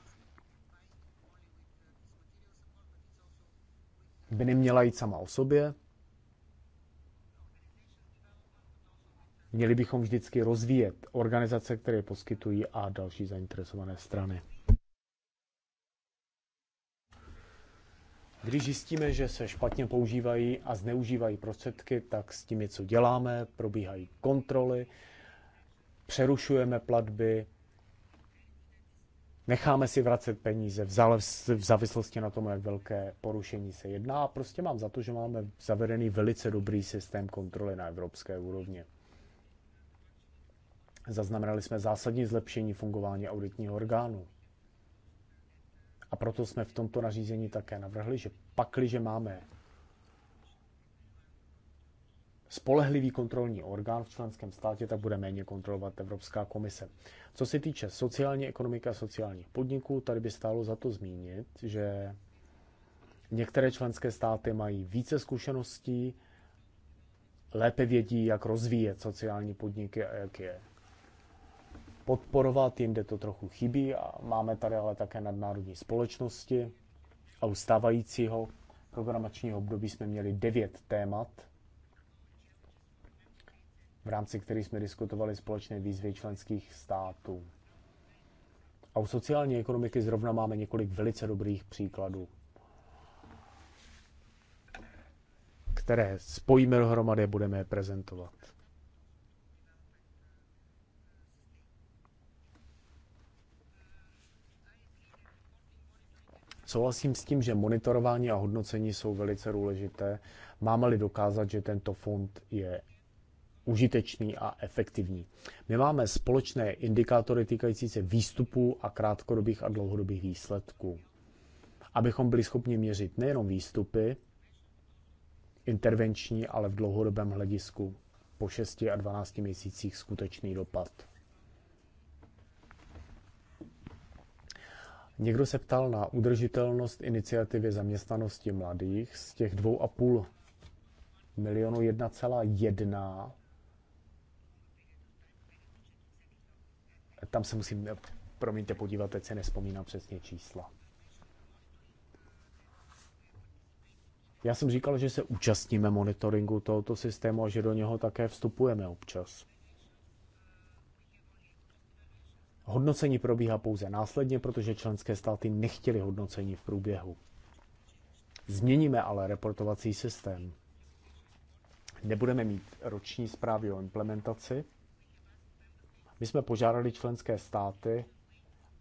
by neměla jít sama o sobě. Měli bychom vždycky rozvíjet organizace, které poskytují a další zainteresované strany. Když zjistíme, že se špatně používají a zneužívají prostředky, tak s tím co děláme, probíhají kontroly, přerušujeme platby, necháme si vracet peníze v, závislosti na tom, jak velké porušení se jedná. A prostě mám za to, že máme zavedený velice dobrý systém kontroly na evropské úrovni. Zaznamenali jsme zásadní zlepšení fungování auditního orgánu. A proto jsme v tomto nařízení také navrhli, že pakliže máme spolehlivý kontrolní orgán v členském státě, tak bude méně kontrolovat Evropská komise. Co se týče sociální ekonomiky a sociálních podniků, tady by stálo za to zmínit, že některé členské státy mají více zkušeností, lépe vědí, jak rozvíjet sociální podniky a jak je podporovat, jinde to trochu chybí a máme tady ale také nadnárodní společnosti a ustávajícího programačního období jsme měli devět témat, v rámci kterých jsme diskutovali společné výzvy členských států. A u sociální ekonomiky zrovna máme několik velice dobrých příkladů, které spojíme dohromady a budeme je prezentovat. Souhlasím s tím, že monitorování a hodnocení jsou velice důležité. Máme-li dokázat, že tento fond je užitečný a efektivní. My máme společné indikátory týkající se výstupů a krátkodobých a dlouhodobých výsledků. Abychom byli schopni měřit nejenom výstupy, intervenční, ale v dlouhodobém hledisku po 6 a 12 měsících skutečný dopad. Někdo se ptal na udržitelnost iniciativy zaměstnanosti mladých z těch 2,5 milionu 1,1 Tam se musím, promiňte, podívat, teď se nespomínám přesně čísla. Já jsem říkal, že se účastníme monitoringu tohoto systému a že do něho také vstupujeme občas. Hodnocení probíhá pouze následně, protože členské státy nechtěly hodnocení v průběhu. Změníme ale reportovací systém. Nebudeme mít roční zprávy o implementaci, my jsme požádali členské státy,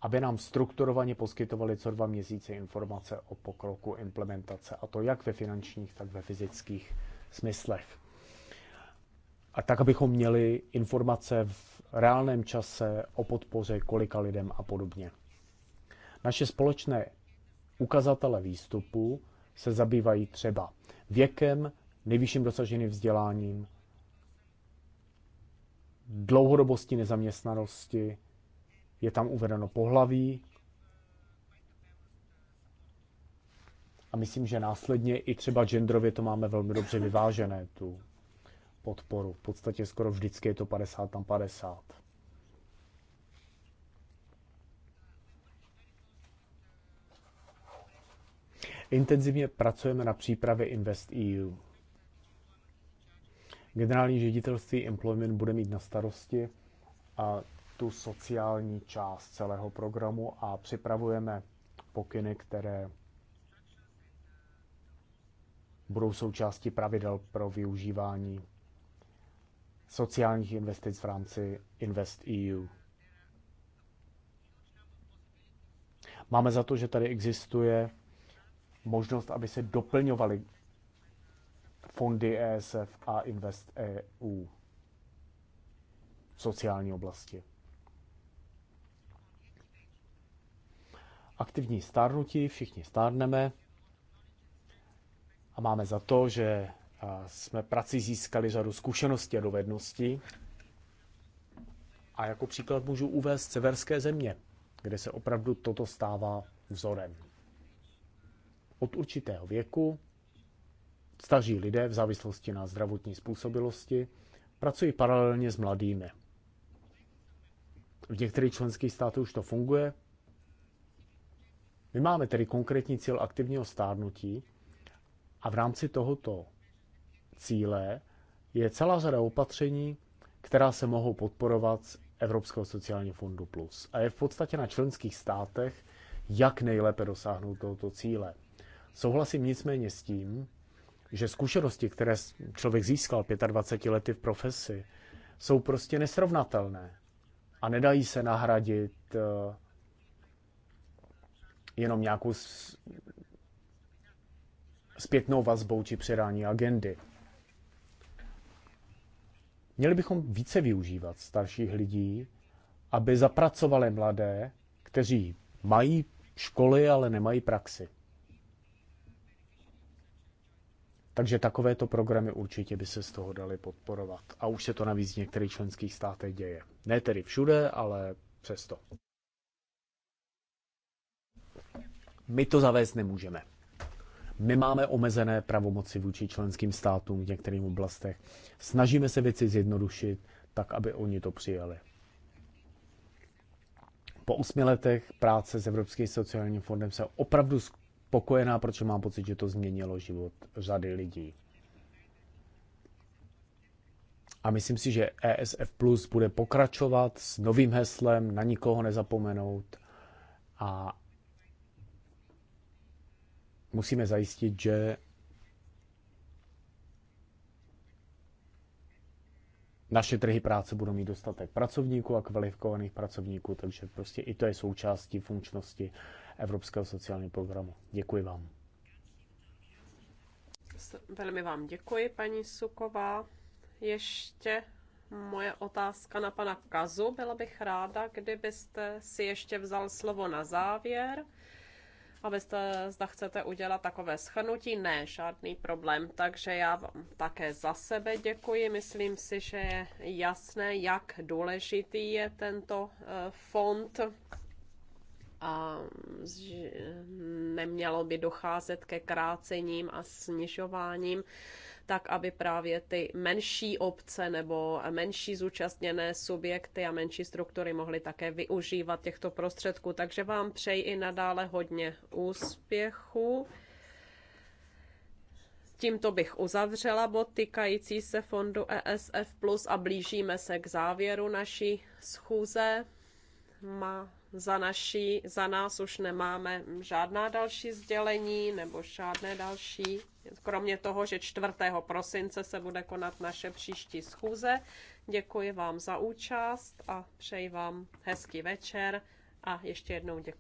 aby nám strukturovaně poskytovali co dva měsíce informace o pokroku implementace, a to jak ve finančních, tak ve fyzických smyslech. A tak, abychom měli informace v reálném čase o podpoře, kolika lidem a podobně. Naše společné ukazatele výstupu se zabývají třeba věkem, nejvyšším dosaženým vzděláním, dlouhodobosti nezaměstnanosti, je tam uvedeno pohlaví a myslím, že následně i třeba genderově to máme velmi dobře vyvážené, tu podporu. V podstatě skoro vždycky je to 50 tam 50. Intenzivně pracujeme na přípravě Invest EU. Generální ředitelství Employment bude mít na starosti a tu sociální část celého programu a připravujeme pokyny, které budou součástí pravidel pro využívání sociálních investic v rámci Invest EU. Máme za to, že tady existuje možnost, aby se doplňovaly fondy ESF a Invest EU v sociální oblasti. Aktivní stárnutí, všichni stárneme a máme za to, že jsme prací získali řadu zkušeností a dovedností. A jako příklad můžu uvést severské země, kde se opravdu toto stává vzorem. Od určitého věku staří lidé v závislosti na zdravotní způsobilosti pracují paralelně s mladými. V některých členských státech už to funguje. My máme tedy konkrétní cíl aktivního stárnutí a v rámci tohoto cíle je celá řada opatření, která se mohou podporovat z Evropského sociálního fondu Plus. A je v podstatě na členských státech, jak nejlépe dosáhnout tohoto cíle. Souhlasím nicméně s tím, že zkušenosti, které člověk získal 25 lety v profesi, jsou prostě nesrovnatelné a nedají se nahradit eh, jenom nějakou zpětnou vazbou či předání agendy. Měli bychom více využívat starších lidí, aby zapracovali mladé, kteří mají školy, ale nemají praxi. Takže takovéto programy určitě by se z toho daly podporovat. A už se to navíc v některých členských státech děje. Ne tedy všude, ale přesto. My to zavést nemůžeme. My máme omezené pravomoci vůči členským státům v některých oblastech. Snažíme se věci zjednodušit tak, aby oni to přijali. Po osmi letech práce s Evropským sociálním fondem se opravdu spokojená, protože mám pocit, že to změnilo život řady lidí. A myslím si, že ESF Plus bude pokračovat s novým heslem, na nikoho nezapomenout a musíme zajistit, že naše trhy práce budou mít dostatek pracovníků a kvalifikovaných pracovníků, takže prostě i to je součástí funkčnosti Evropského sociálního programu. Děkuji vám. Velmi vám děkuji, paní Suková. Ještě moje otázka na pana Kazu. Byla bych ráda, kdybyste si ještě vzal slovo na závěr. A vy jste, zda chcete udělat takové schrnutí, ne, žádný problém. Takže já vám také za sebe děkuji. Myslím si, že je jasné, jak důležitý je tento eh, fond a eh, nemělo by docházet ke krácením a snižováním, tak aby právě ty menší obce nebo menší zúčastněné subjekty a menší struktury mohly také využívat těchto prostředků. Takže vám přeji i nadále hodně úspěchu. Tímto bych uzavřela bod týkající se fondu ESF+, a blížíme se k závěru naší schůze. Má za, naší, za nás už nemáme žádná další sdělení nebo žádné další, kromě toho, že 4. prosince se bude konat naše příští schůze. Děkuji vám za účast a přeji vám hezký večer a ještě jednou děkuji.